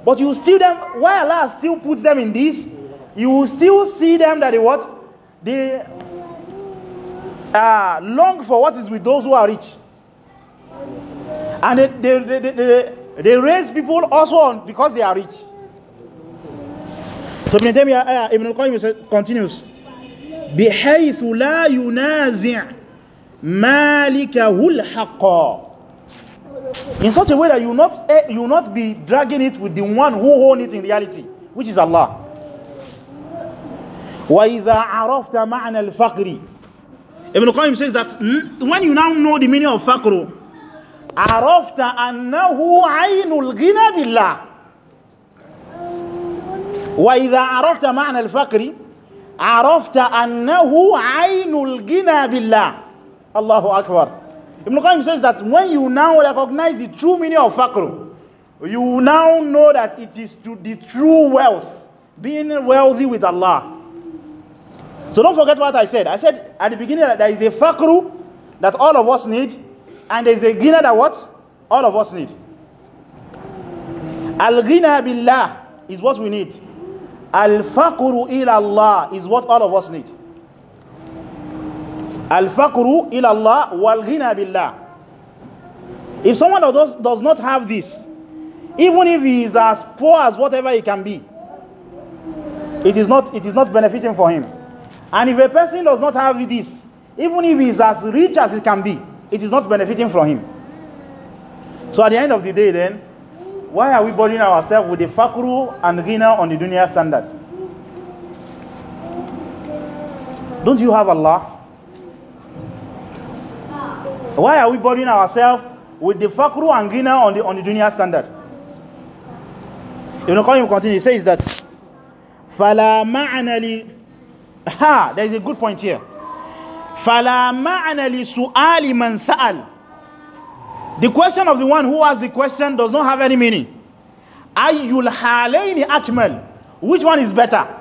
But you still them, why Allah still puts them in this, you will still see them that they what? they uh, long for what is with those who are rich and they, they, they, they, they raise people also on because they are rich so Ibn Taymiyyah, ah, Ibn al-Qayyim continues بحيث لا ينازع مالكه الحق in such a way that you not eh, you not be dragging it with the one who own it in reality which is Allah وإذا عرفت معنى الفقر Ibn Qayyim says that when you now know the meaning of faqru عرفت أنه عين الغنى بالله وإذا عرفت معنى الفقر عرفت أنه عين الغنى بالله الله أكبر Ibn Qayyim says that when you now recognize the true meaning of faqr, you now know that it is to the true wealth being wealthy with Allah So don't forget what I said. I said at the beginning that there is a fakru that all of us need, and there is a ghina that what? All of us need. Al-ghina billah is what we need. al fakru ila Allah is what all of us need. al fakru ila Allah wal-ghina billah. If someone does, does not have this, even if he is as poor as whatever he can be, it is not, it is not benefiting for him. And if a person does not have this, even if he is as rich as it can be, it is not benefiting from him. So at the end of the day, then, why are we burdening ourselves with the fakru and ghina on the dunya standard? Don't you have Allah? Why are we burdening ourselves with the fakru and ghina on the, on the dunya standard? Ibn Qayyim continues, he says that فَلَا مَعْنَ Ha, there is a good point here. فَلَا مَعْنَ لِسُؤَالِ مَنْ The question of the one who asked the question does not have any meaning. أَيُّ الْحَالَيْنِ akmal. Which one is better?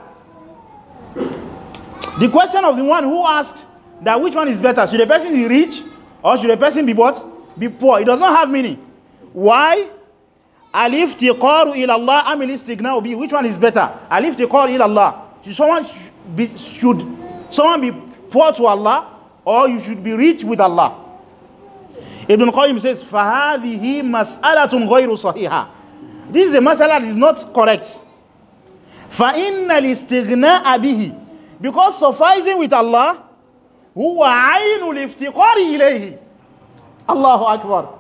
The question of the one who asked that which one is better, should a person be rich or should a person be what? Be poor. It does not have meaning. Why? Alif tiqaru ila Allah amil Which one is better? Alif tiqaru ila Allah someone be, should someone be poor to Allah or you should be rich with Allah. Ibn Qayyim says, فَهَذِهِ مَسْأَلَةٌ غَيْرُ صَحِيحًا This is a masala that is not correct. فَإِنَّ الْإِسْتِغْنَاءَ بِهِ Because sufficing with Allah, هُوَ عَيْنُ الْإِفْتِقَارِ إِلَيْهِ Allahu Akbar.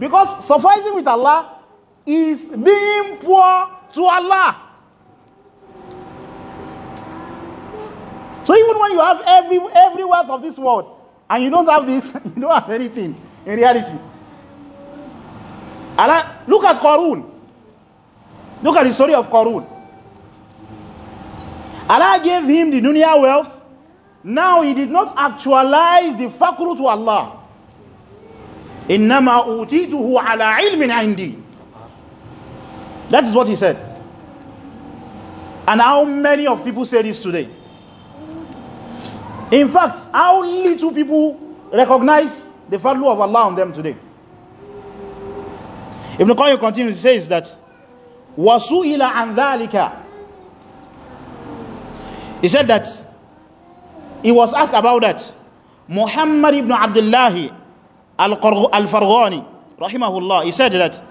Because sufficing with Allah is being poor to Allah. So even when you have every, every wealth of this world and you don't have this, you don't have anything in reality. Allah, look at Qarun. Look at the story of Qarun. Allah gave him the dunya wealth. Now he did not actualize the fakru to Allah. إنما أوتيته ala ilmin عندي That is what he said. And how many of people say this today? In fact, how little people recognize the value of Allah on them today. Ibn Qayyim continues, he says that, وَسُئِلَ عَنْ ذَلِكَ He said that, he was asked about that. Muhammad ibn Abdullah al-Farghani, rahimahullah, he said that,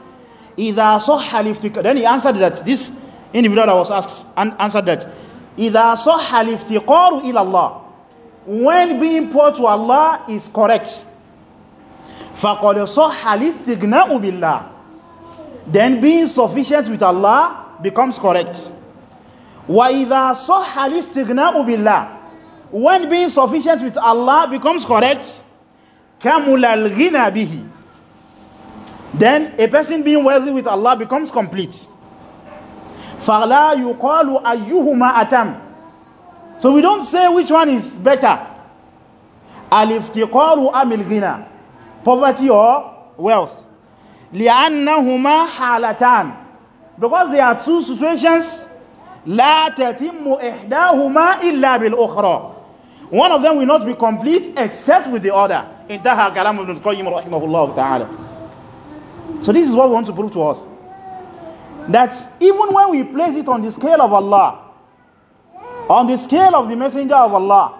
إِذَا صَحَّ الْإِفْتِكَارُ Then he answered that, this individual that was asked, answered that, إِذَا صَحَّ الْإِفْتِقَارُ إِلَى اللَّهِ when being poor to Allah is correct فَقَدْ صَحَّ الِاسْتِغْنَاءُ بِاللَّهِ then being sufficient with Allah becomes correct وَإِذَا صَحَّ الِاسْتِغْنَاءُ بِاللَّهِ when being sufficient with Allah becomes correct كَمُلَ الْغِنَى بِهِ then a person being wealthy with Allah becomes complete فَلَا يُقَالُ أَيُّهُمَا أَتَمْ So we don't say which one is better. Al-iftiqaru amil ghina. Poverty or wealth. لِأَنَّهُمَا halatan. Because there are two situations. La لَا تَتِمُّ illa bil بِالْأُخْرَى One of them will not be complete except with the other. انتهى كلام ابن القيم رحمه الله تعالى. So this is what we want to prove to us. That even when we place it on the scale of Allah, on the scale of the messenger of Allah.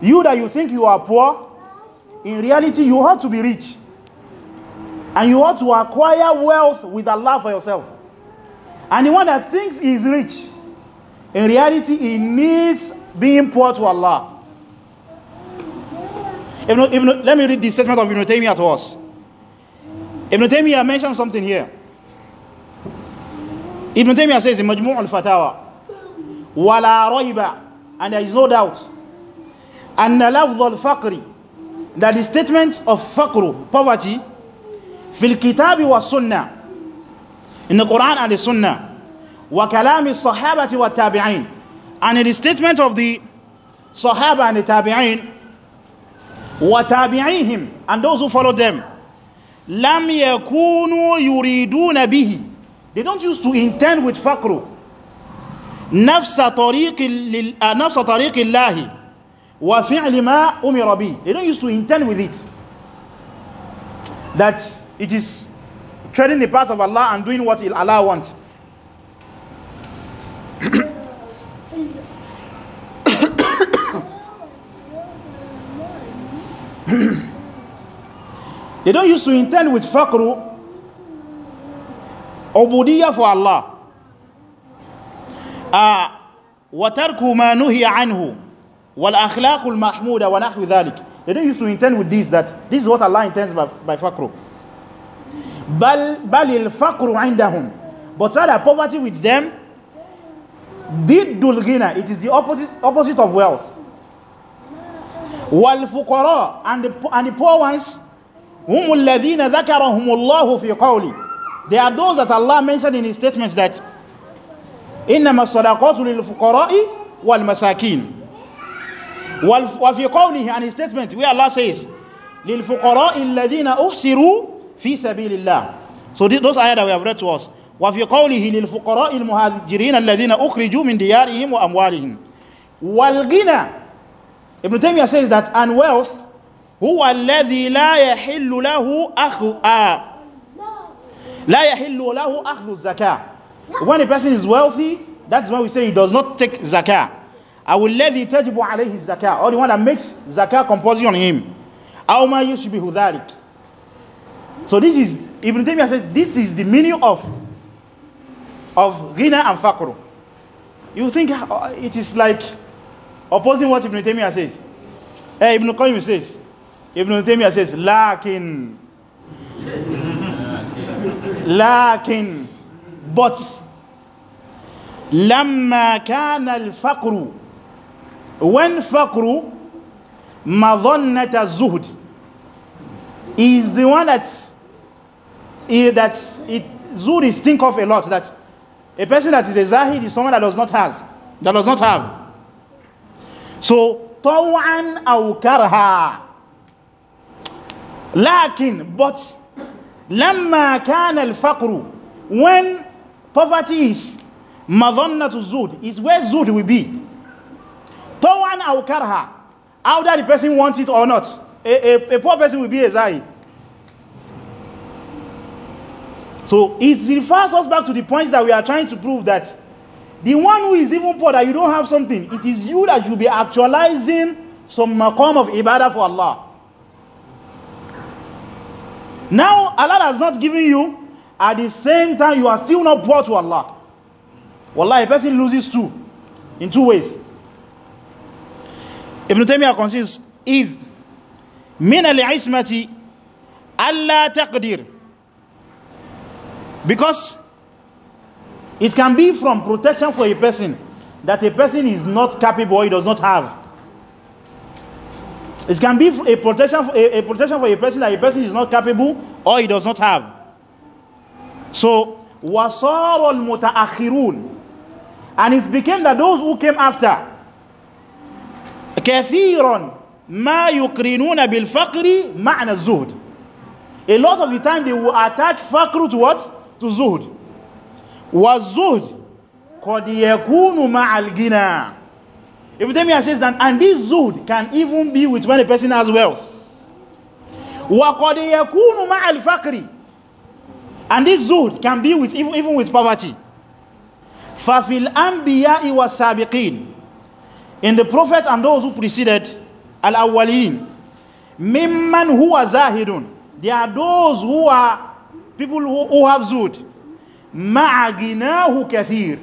You that you think you are poor, in reality, you ought to be rich. And you ought to acquire wealth with Allah for yourself. And the one that thinks he is rich, in reality, he needs being poor to Allah. Ibn, Ibn, let me read the statement of Ibn Taymiyyah to us. Ibn Taymiyyah mentioned something here. Ibn Taymiyyah says in Majmu' al-Fatawa, وَلَا رَيْبَ And there is no doubt. أَنَّ لَفْظَ الْفَقْرِ That the statement of Fakru poverty, فِي الْكِتَابِ وَالسُّنَّةِ In the Quran and the Sunnah. وَكَلَامِ الصَّحَابَةِ وَالتَّابِعِينَ And in the statement of the Sahaba and the Tabi'in, وَتَابِعِيهِمْ And those who follow them. لَمْ يَكُونُوا يُرِيدُونَ بِهِ They don't used to intend with Fakru. nafsa tariqi ah, lahi wa fi'li ma umira bi they don't used to intend with it that it is treading the path of Allah and doing what Allah wants they don't used to intend with faqru ubudiyya for Allah وتركوا ما نهي عنه والأخلاق المحمودة ونحو ذلك they don't use to intend with this that this is what Allah intends by, by فقر بل, بل الفقر عندهم but rather poverty with them ضد الغنى it is the opposite, opposite of wealth والفقراء and the, and the poor ones هم الذين ذكرهم الله في قولي they are those that Allah mentioned in his statements that إنما الصدقات للفقراء والمساكين وفي قوله عن his statement where Allah says للفقراء الذين أحسروا في سبيل الله so those ayah that we have read to us وفي قوله للفقراء المهاجرين الذين أخرجوا من ديارهم وأموالهم والغنى Ibn Taymiyyah says that and wealth هو الذي لا يحل له أخذ لا يحل له أخذ الزكاة when a person is wealthy that's why we say he does not take zakah I will let awuladhi tajibu alayhi zakah or the one that makes zakah compulsory on him aw should be dhalik so this is Ibn Taymiyyah says this is the meaning of of ghina and faqr you think uh, it is like opposing what Ibn Taymiyyah says eh, Ibn Qayyim says Ibn Taymiyyah says lakin lakin But لما كان الفقر when فقر مظنة الزهد is the one that is that it zuri stink of a lot that a person that is a zahid is someone that does not have that does not have so طوعا أو كرها لكن but لما كان الفقر when poverty is madonna to zud is where zud will be tawan awkarha either the person wants it or not a, a, a poor person will be a zai so it refers us back to the points that we are trying to prove that the one who is even poor that you don't have something it is you that should be actualizing some maqam of ibadah for Allah now Allah has not given you At the same time, you are still not poor to Allah. Wallah, a person loses two in two ways. Ibn Taymiyyah considers min al العصمة Allah taqdir, because it can be from protection for a person that a person is not capable he does not have it can be a protection, a, a protection for a person that a person is not capable or he does not have So, وَصَارَ الْمُتَأَخِرُونَ And it became that those who came after, كَثِيرًا مَا يُقْرِنُونَ بِالْفَقْرِ مَعْنَ الزُّهْدِ A lot of the time they will attach فقر to what? To زُهْد وَالزُّهْدِ قَدْ يَكُونُ مَعَ الْغِنَى Ibn Taymiyyah says that, and this زُهْد can even be with when a person has wealth. وَقَدْ يَكُونُ مَعَ الْفَقْرِ And this zuhd can be with even, even with poverty. فَفِي was sabiqin In the prophets and those who preceded al-awwalin mimman huwa zahidun There are those who are people who, who have zuhd ma'aginahu kathir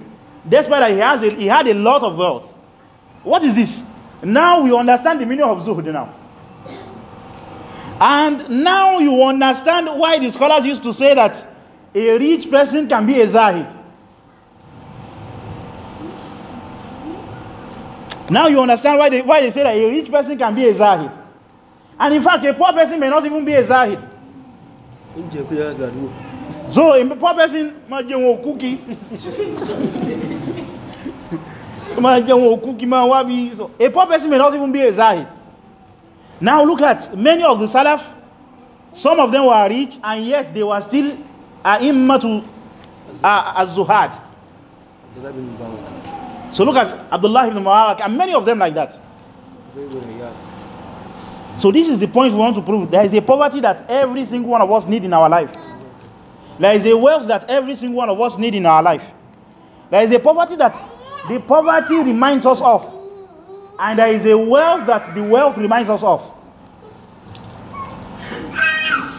despite that he has a, he had a lot of wealth what is this now you understand the meaning of zuhd now and now you understand why the scholars used to say that a rich person can be a zahid now you understand why they, why they say that a rich person can be a zahid and in fact a poor person may not even be a zahid so a poor person ma jẹun òkúkí ma so a poor person may not even be a zahid now look at many of the salaf some of them were rich and yet they were still a'immatu az-zuhad so look at Abdullah ibn Mubarak and many of them like that so this is the point we want to prove there is a poverty that every single one of us need in our life there is a wealth that every single one of us need in our life there is a poverty that the poverty reminds us of and there is a wealth that the wealth reminds us of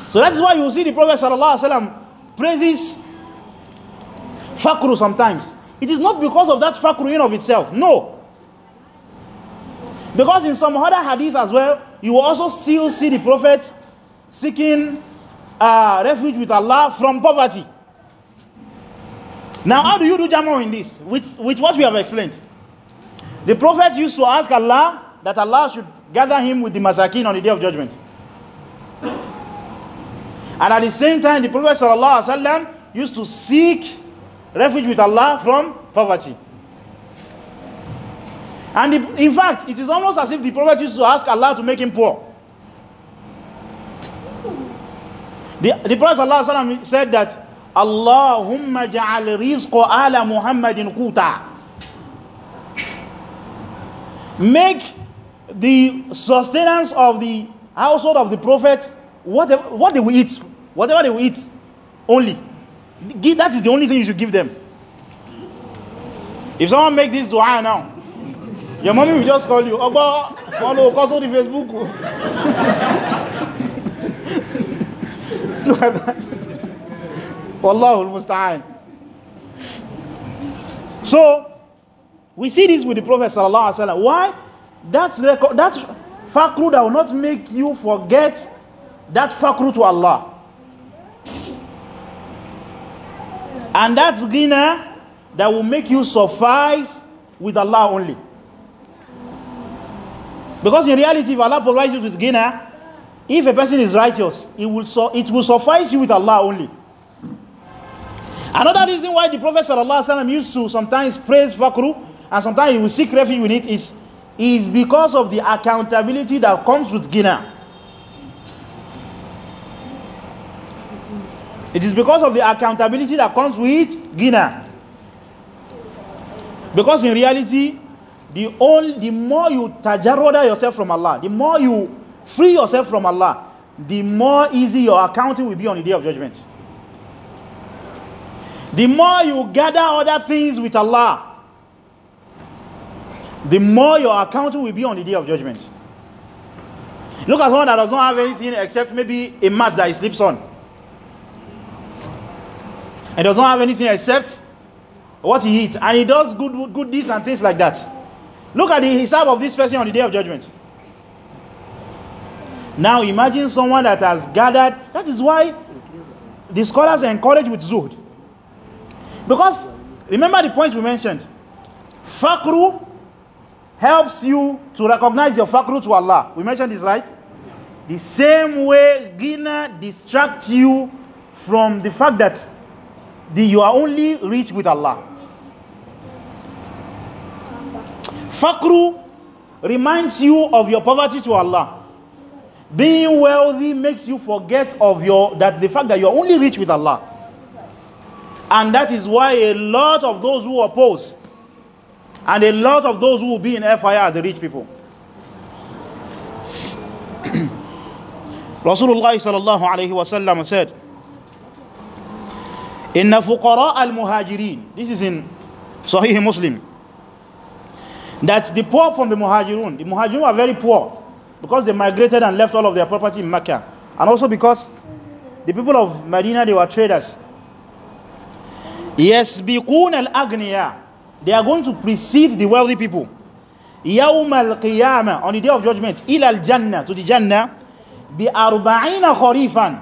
so that is why you see the prophet sallallahu alaihi wasallam praises fakru sometimes it is not because of that fakru in of itself no because in some other hadith as well you will also still see the prophet seeking uh, refuge with Allah from poverty now how do you do jamo in this with, which what we have explained the prophet used to ask Allah that Allah should gather him with the masakin on the day of judgment And at the same time, the Prophet sallallahu alaihi wasallam used to seek refuge with Allah from poverty. And the, in fact, it is almost as if the Prophet used to ask Allah to make him poor. The, the Prophet sallallahu alaihi wasallam said that, Allahumma ja'al rizqa ala Muhammadin quta. Make the sustenance of the household of the prophet what they, what they will eat Whatever they will eat, only. That is the only thing you should give them. If someone make this dua now, your mommy will just call you, Ogba, follow, cause the Facebook. Look at that. Wallahu musta'an. So, we see this with the Prophet sallallahu alaihi wasallam. Why? That's record, that fakru that will not make you forget that fakru to Allah. And that's ghina that will make you suffice with Allah only. Because in reality, if Allah provides you with ghina, if a person is righteous, it will, so, it will suffice you with Allah only. Another reason why the Prophet ﷺ used to sometimes praise Fakru and sometimes he will seek refuge with it is, is because of the accountability that comes with ghina. It is because of the accountability that comes with Gina. Because in reality, the, only, the more you tajarroda yourself from Allah, the more you free yourself from Allah, the more easy your accounting will be on the day of judgment. The more you gather other things with Allah, the more your accounting will be on the day of judgment. Look at one that does not have anything except maybe a mask that he sleeps on and does not have anything except what he eats. And he does good, good deeds and things like that. Look at the hisab of this person on the day of judgment. Now imagine someone that has gathered. That is why the scholars are encouraged with zuhd. Because remember the point we mentioned. Fakru helps you to recognize your fakru to Allah. We mentioned this, right? The same way Gina distracts you from the fact that the, you are only rich with Allah. Fakru reminds you of your poverty to Allah. Being wealthy makes you forget of your that the fact that you are only rich with Allah. And that is why a lot of those who oppose and a lot of those who will be in fire are the rich people. Rasulullah sallallahu alayhi wa sallam said, إن al Muhajirin. this is in Sahih Muslim that the poor from the Muhajirun the Muhajirun were very poor because they migrated and left all of their property in Mecca and also because the people of Medina they were traders Yes, al agniya they are going to precede the wealthy people يوم القيامة on the day of judgment إلى الجنة to the Jannah بأربعين خريفاً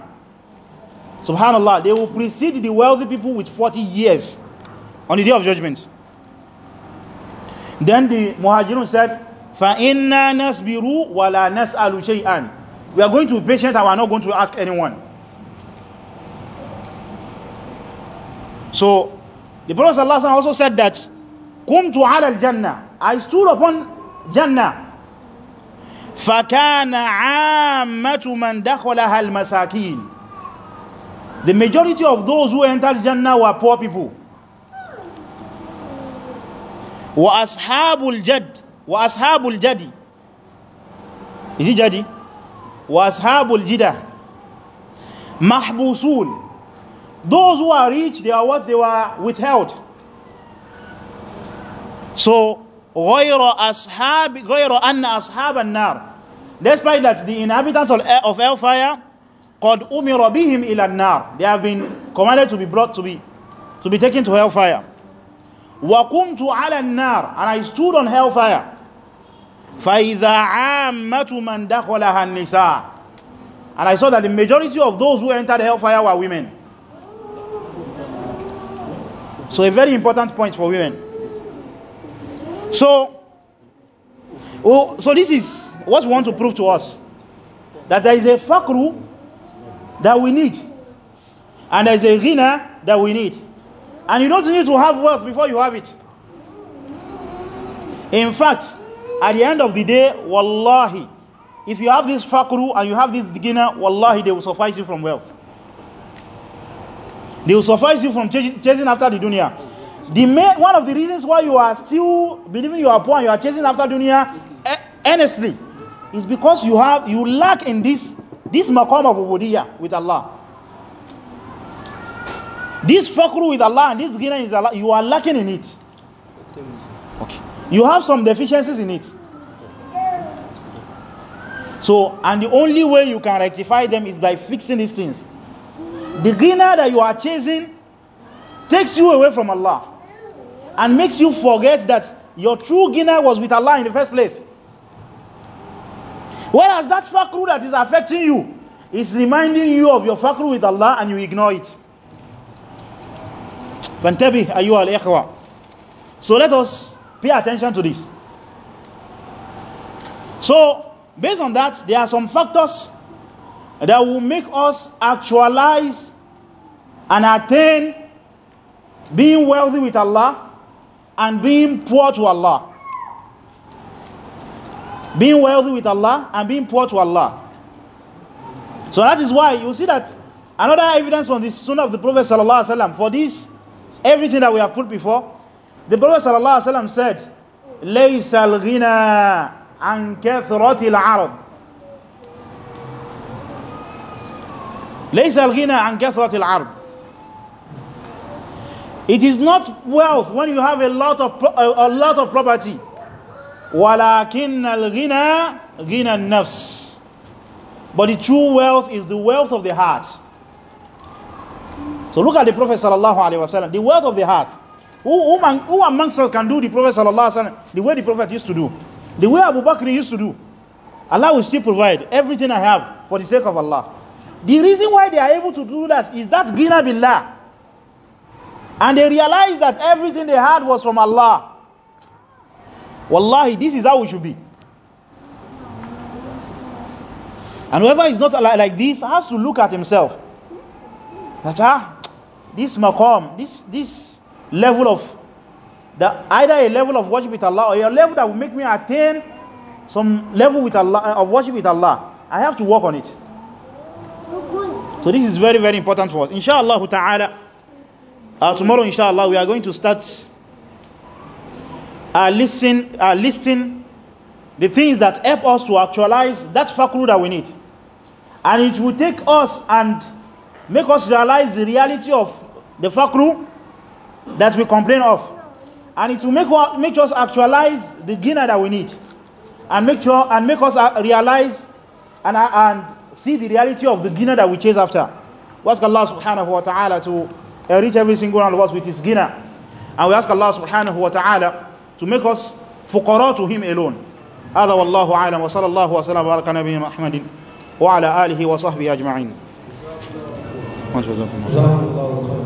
Subhanallah, they will precede the wealthy people with 40 years on the day of judgment. Then the Muhajirun said, فَإِنَّا نَسْبِرُ وَلَا نَسْأَلُ شَيْئًا We are going to be patient and we are not going to ask anyone. So, the Prophet also said that, قُمْتُ عَلَى jannah I stood upon Jannah. فَكَانَ man مَنْ دَخَلَهَا الْمَسَاكِينَ the majority of those who entered Jannah were poor people. وَأَصْحَابُ الْجَدِّ وَأَصْحَابُ الْجَدِّ Is it jadi? وَأَصْحَابُ الْجِدَّ مَحْبُوسُونَ Those who are rich, they are what they were withheld. So, غَيْرَ أَصْحَابِ غَيْرَ أَنَّ أَصْحَابَ النَّارِ Despite that, the inhabitants of hellfire قَدْ أُمِرَ بِهِمْ إِلَى النَّارِ They have been commanded to be brought to be, to be taken to hellfire. وَقُمْتُ عَلَى alanar, And I stood on hellfire. فَإِذَا عَامَّةُ مَنْ دَخَلَهَا النِّسَاءِ And I saw that the majority of those who entered hellfire were women. So a very important point for women. So, oh, so this is what we want to prove to us. That there is a fakru that we need. And there's a ghina that we need. And you don't need to have wealth before you have it. In fact, at the end of the day, wallahi, if you have this fakru and you have this ghina, wallahi, they will suffice you from wealth. They will suffice you from chasing after the dunya. The main, one of the reasons why you are still believing you are poor and you are chasing after dunya earnestly eh, is because you have you lack in this This maqam of ubudiyah with Allah. This fakru with Allah and this ghina is Allah. You are lacking in it. Okay. You have some deficiencies in it. So, and the only way you can rectify them is by fixing these things. The ghina that you are chasing takes you away from Allah and makes you forget that your true ghina was with Allah in the first place. Whereas that fakru that is affecting you is reminding you of your fakru with Allah and you ignore it. فانتبه أيها الإخوة So let us pay attention to this. So, based on that, there are some factors that will make us actualize and attain being wealthy with Allah and being poor to Allah being wealthy with Allah and being poor to Allah. So that is why you see that another evidence from the sunnah of the Prophet sallallahu alaihi wasallam for this everything that we have put before. The Prophet sallallahu alaihi wasallam said, "ليس الغنى عن كثرة العرب." ليس الغنى عن كثرة العرب. It is not wealth when you have a lot of a lot of property. وَلَكِنَّ الْغِنَى غِنَى النَّفْسِ But the true wealth is the wealth of the heart. So look at the Prophet sallallahu alaihi wasallam, the wealth of the heart. Who, who, who amongst us can do the Prophet sallallahu alaihi wasallam the way the Prophet used to do, the way Abu Bakr used to do? Allah will still provide everything I have for the sake of Allah. The reason why they are able to do that is that ghina billah. And they realize that everything they had was from Allah. Wallahi, this is how we should be. And whoever is not like this has to look at himself. That ah, this maqam, this this level of the either a level of worship with Allah or a level that will make me attain some level with Allah uh, of worship with Allah. I have to work on it. So this is very very important for us. Inshallah ta'ala. Uh, tomorrow inshallah we are going to start are uh, listing, are uh, listing the things that help us to actualize that fakru that we need. And it will take us and make us realize the reality of the fakru that we complain of. And it will make, make us actualize the gina that we need. And make sure and make us uh, realize and, and see the reality of the gina that we chase after. We ask Allah subhanahu wa ta'ala to reach every single one of us with his gina. And we ask Allah subhanahu wa ta'ala to make us fuqara to him alone هذا والله أعلم وصلى الله وسلم وبارك على نبينا محمد وعلى آله وصحبه أجمعين جزاكم الله خيرا